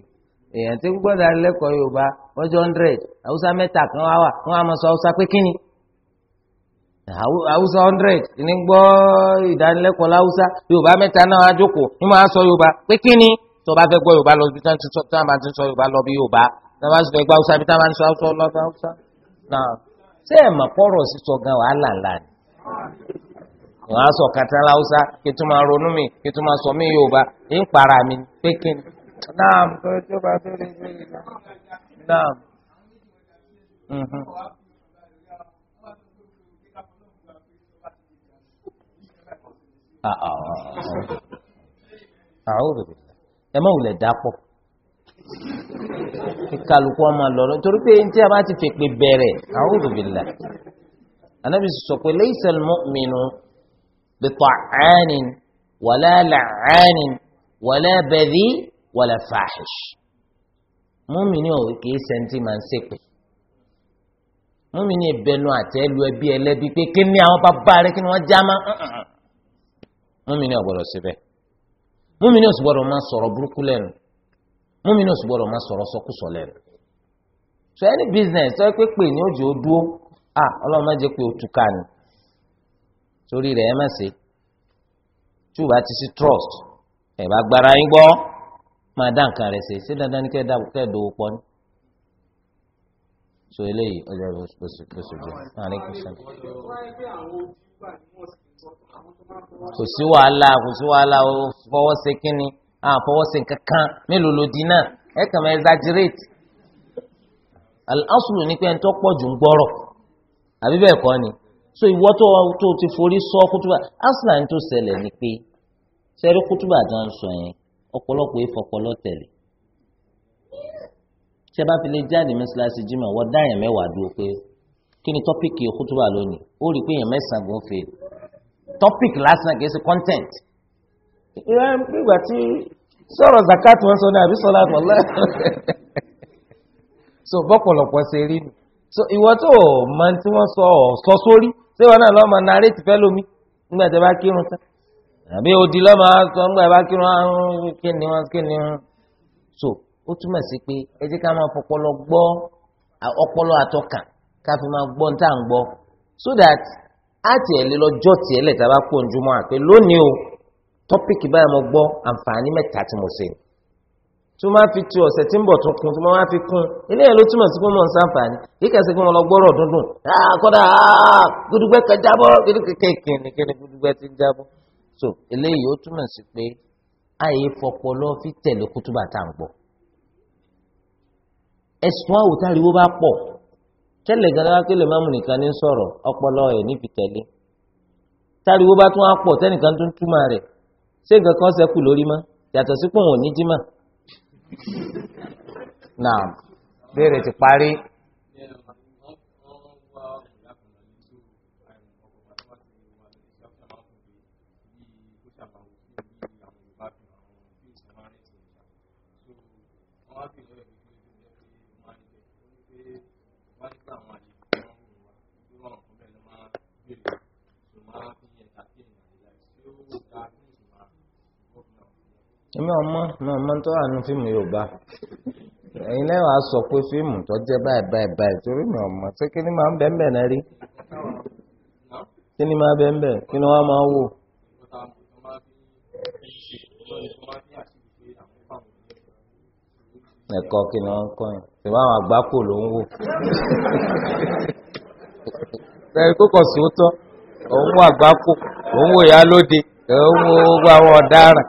èèyàn tí ń gbọ́ ìdánilẹ́kọ̀ọ́ yorùbá ọjọ́ hundred haúsá mẹ́ta kan wá wà wọ́n á mọ̀ sọ haúsá pé kíni. haúsá hundred ní gbọ́ ìdánilẹ́kọ̀ọ́ láwùsá yorùbá mẹ́ta náà á jókòó ní mọ̀ á sọ yorùbá pé kíni tó bá fẹ́ gbọ́ yorùbá lọ bí ṣé ẹ̀ mà pọ̀rọ̀ sísọ gan wàhálà ńlá sọ kàtà láwùsá kí tó máa ronú mi mi pé naam tó tó bá tó naam. Mhm. Ah, ah, ah, kíkálukú ọmọ lọ́rọ̀ torí pé ntí a bá ti fèpè bẹ̀rẹ̀ a'udhu billah anabi sọ pé laysa al-mu'minu bita'anin wala la'anin wala badhi wala fahish mọ́mìnì ò kìí sẹ́ńtì máa ń ṣépè mọ́mìnì ìbẹnu àtẹ́lu ẹbí ẹlẹ́bí pé kí ni àwọn bàbá rẹ kí ni wọ́n já má mọ́mìnì ò gbọ́dọ̀ síbẹ̀ mọ́mìnì ò máa sọ̀rọ̀ burúkú lẹ́nu múmi náà sì gbọ́dọ̀ máa sọ̀rọ̀ sọkúsọ lẹ́nu so any business sọ pé pè ní òjò dúró à ọlọ́run má jẹ́ pé o túká ni torí rẹ̀ ẹ má ṣe tí o bá ti sí trust ẹ bá gbára yín gbọ́ máa dá nǹkan rẹ̀ ṣe ṣé dandan ni kẹ́ ẹ dòwò pọ̀ ni so eléyìí ọjọ́ ìwé oṣù oṣù jẹ láàrin kìsàn. kò sí wàhálà kò sí wàhálà ó fọwọ́ ṣe kínni àfọwọ́sìn kankan mélòó ló di náà ẹ kàn máa exaggerate al-aslu ní pé ẹni tó pọ̀ jù ń gbọ́rọ̀ àbí bẹ́ẹ̀ kọ́ ni so ìwọ tó tó ti forí sọ kútúbà aslan tó ṣẹlẹ̀ ni pé sẹ́rí kútúbà dáhùn sọ yẹn ọ̀pọ̀lọpọ̀ ìfọpọlọ tẹ̀lé ṣé bá fi lè jáde mẹ́sàlásì jimá wọ́n dá yẹn mẹ́wàá dúró pé kí ni tọ́pìkì kútúbà lónìí ó rí i pé yẹn mẹ́sàn-án gan fèèrè tọ́pìkì lásán kì í ṣe kọ́ńtẹ̀ǹtì ìyá ìgbà tí sọ̀rọ̀ zakat wọn sọ ní àbí sọ̀rọ̀ àtọ̀lẹ́ so bọ́pọ̀lọpọ̀ ṣe rí nu so ìwọ tó mọ tí wọ́n sọ sọ sórí ṣé wọn náà lọ́mọ nàárẹ̀ ti fẹ́ lómi nígbà tí a bá kírun tán àbí odi lọ́mọ sọ nígbà tí a bá kírun àrùn ah, kíni wọn kíni wọn so ó túmọ̀ sí pé ẹ jẹ́ ká máa fọpọlọ gbọ́ ọpọlọ àtọkàn ká fi máa gbọ́ níta ń gbọ́ so that á tiẹ̀ lé lọ́jọ́ tiẹ̀ lẹ̀ tá a bá pọ̀ njúmọ́ àpé lónìí o tọ́pìkì báyìí mo gbọ́ àǹfààní mẹ́ta tí mo ṣe tó máa fi tu ọ̀sẹ̀ tí ń bọ̀ tún kun tó máa fi kun eléyìí ló túmọ̀ sí pé mo ń sàǹfààní kíkà sí pé mo lọ gbọ́rọ̀ dúndùn ah, kódà ah, gudugbẹ́ kan jábọ́ kékeré kékeré gudugbẹ́ ti ń jábọ́ so eléyìí ó túmọ̀ sí pé àyè fọpọlọ fi tẹ̀lé kútúbà tá à ń gbọ́ ẹ̀sùn àwòtáriwó bá pọ̀ tẹ́lẹ̀ gan-an wá pé lè má mú nìkan ní sọ̀rọ̀ ọpọlọ ṣé nǹkan kan ṣẹ́kù lórí mọ́ yàtọ̀ sí pé òun ò ní jí mọ́. náà béèrè ti parí. èmi ọmọ náà ọmọ tó wà ní fíìmù yorùbá ẹ̀yin náà wàá sọ pé fíìmù tó jẹ́ báyìí báyìí báyìí torí mi ọmọ ṣé kí ni máa ń bẹ́ẹ̀ bẹ́ẹ̀ náà rí kí ni máa bẹ́ẹ̀ bẹ́ẹ̀ kí ni wọ́n máa wò. ẹ̀kọ́ kí ni wọ́n kọ́ yẹn ṣèwọ́ àwọn àgbákò ló ń wò. ẹ̀rí kókò sóòótọ́ òun wò àgbákò òun wò ìyálóde òun wò gbogbo àwọn ọ̀daràn.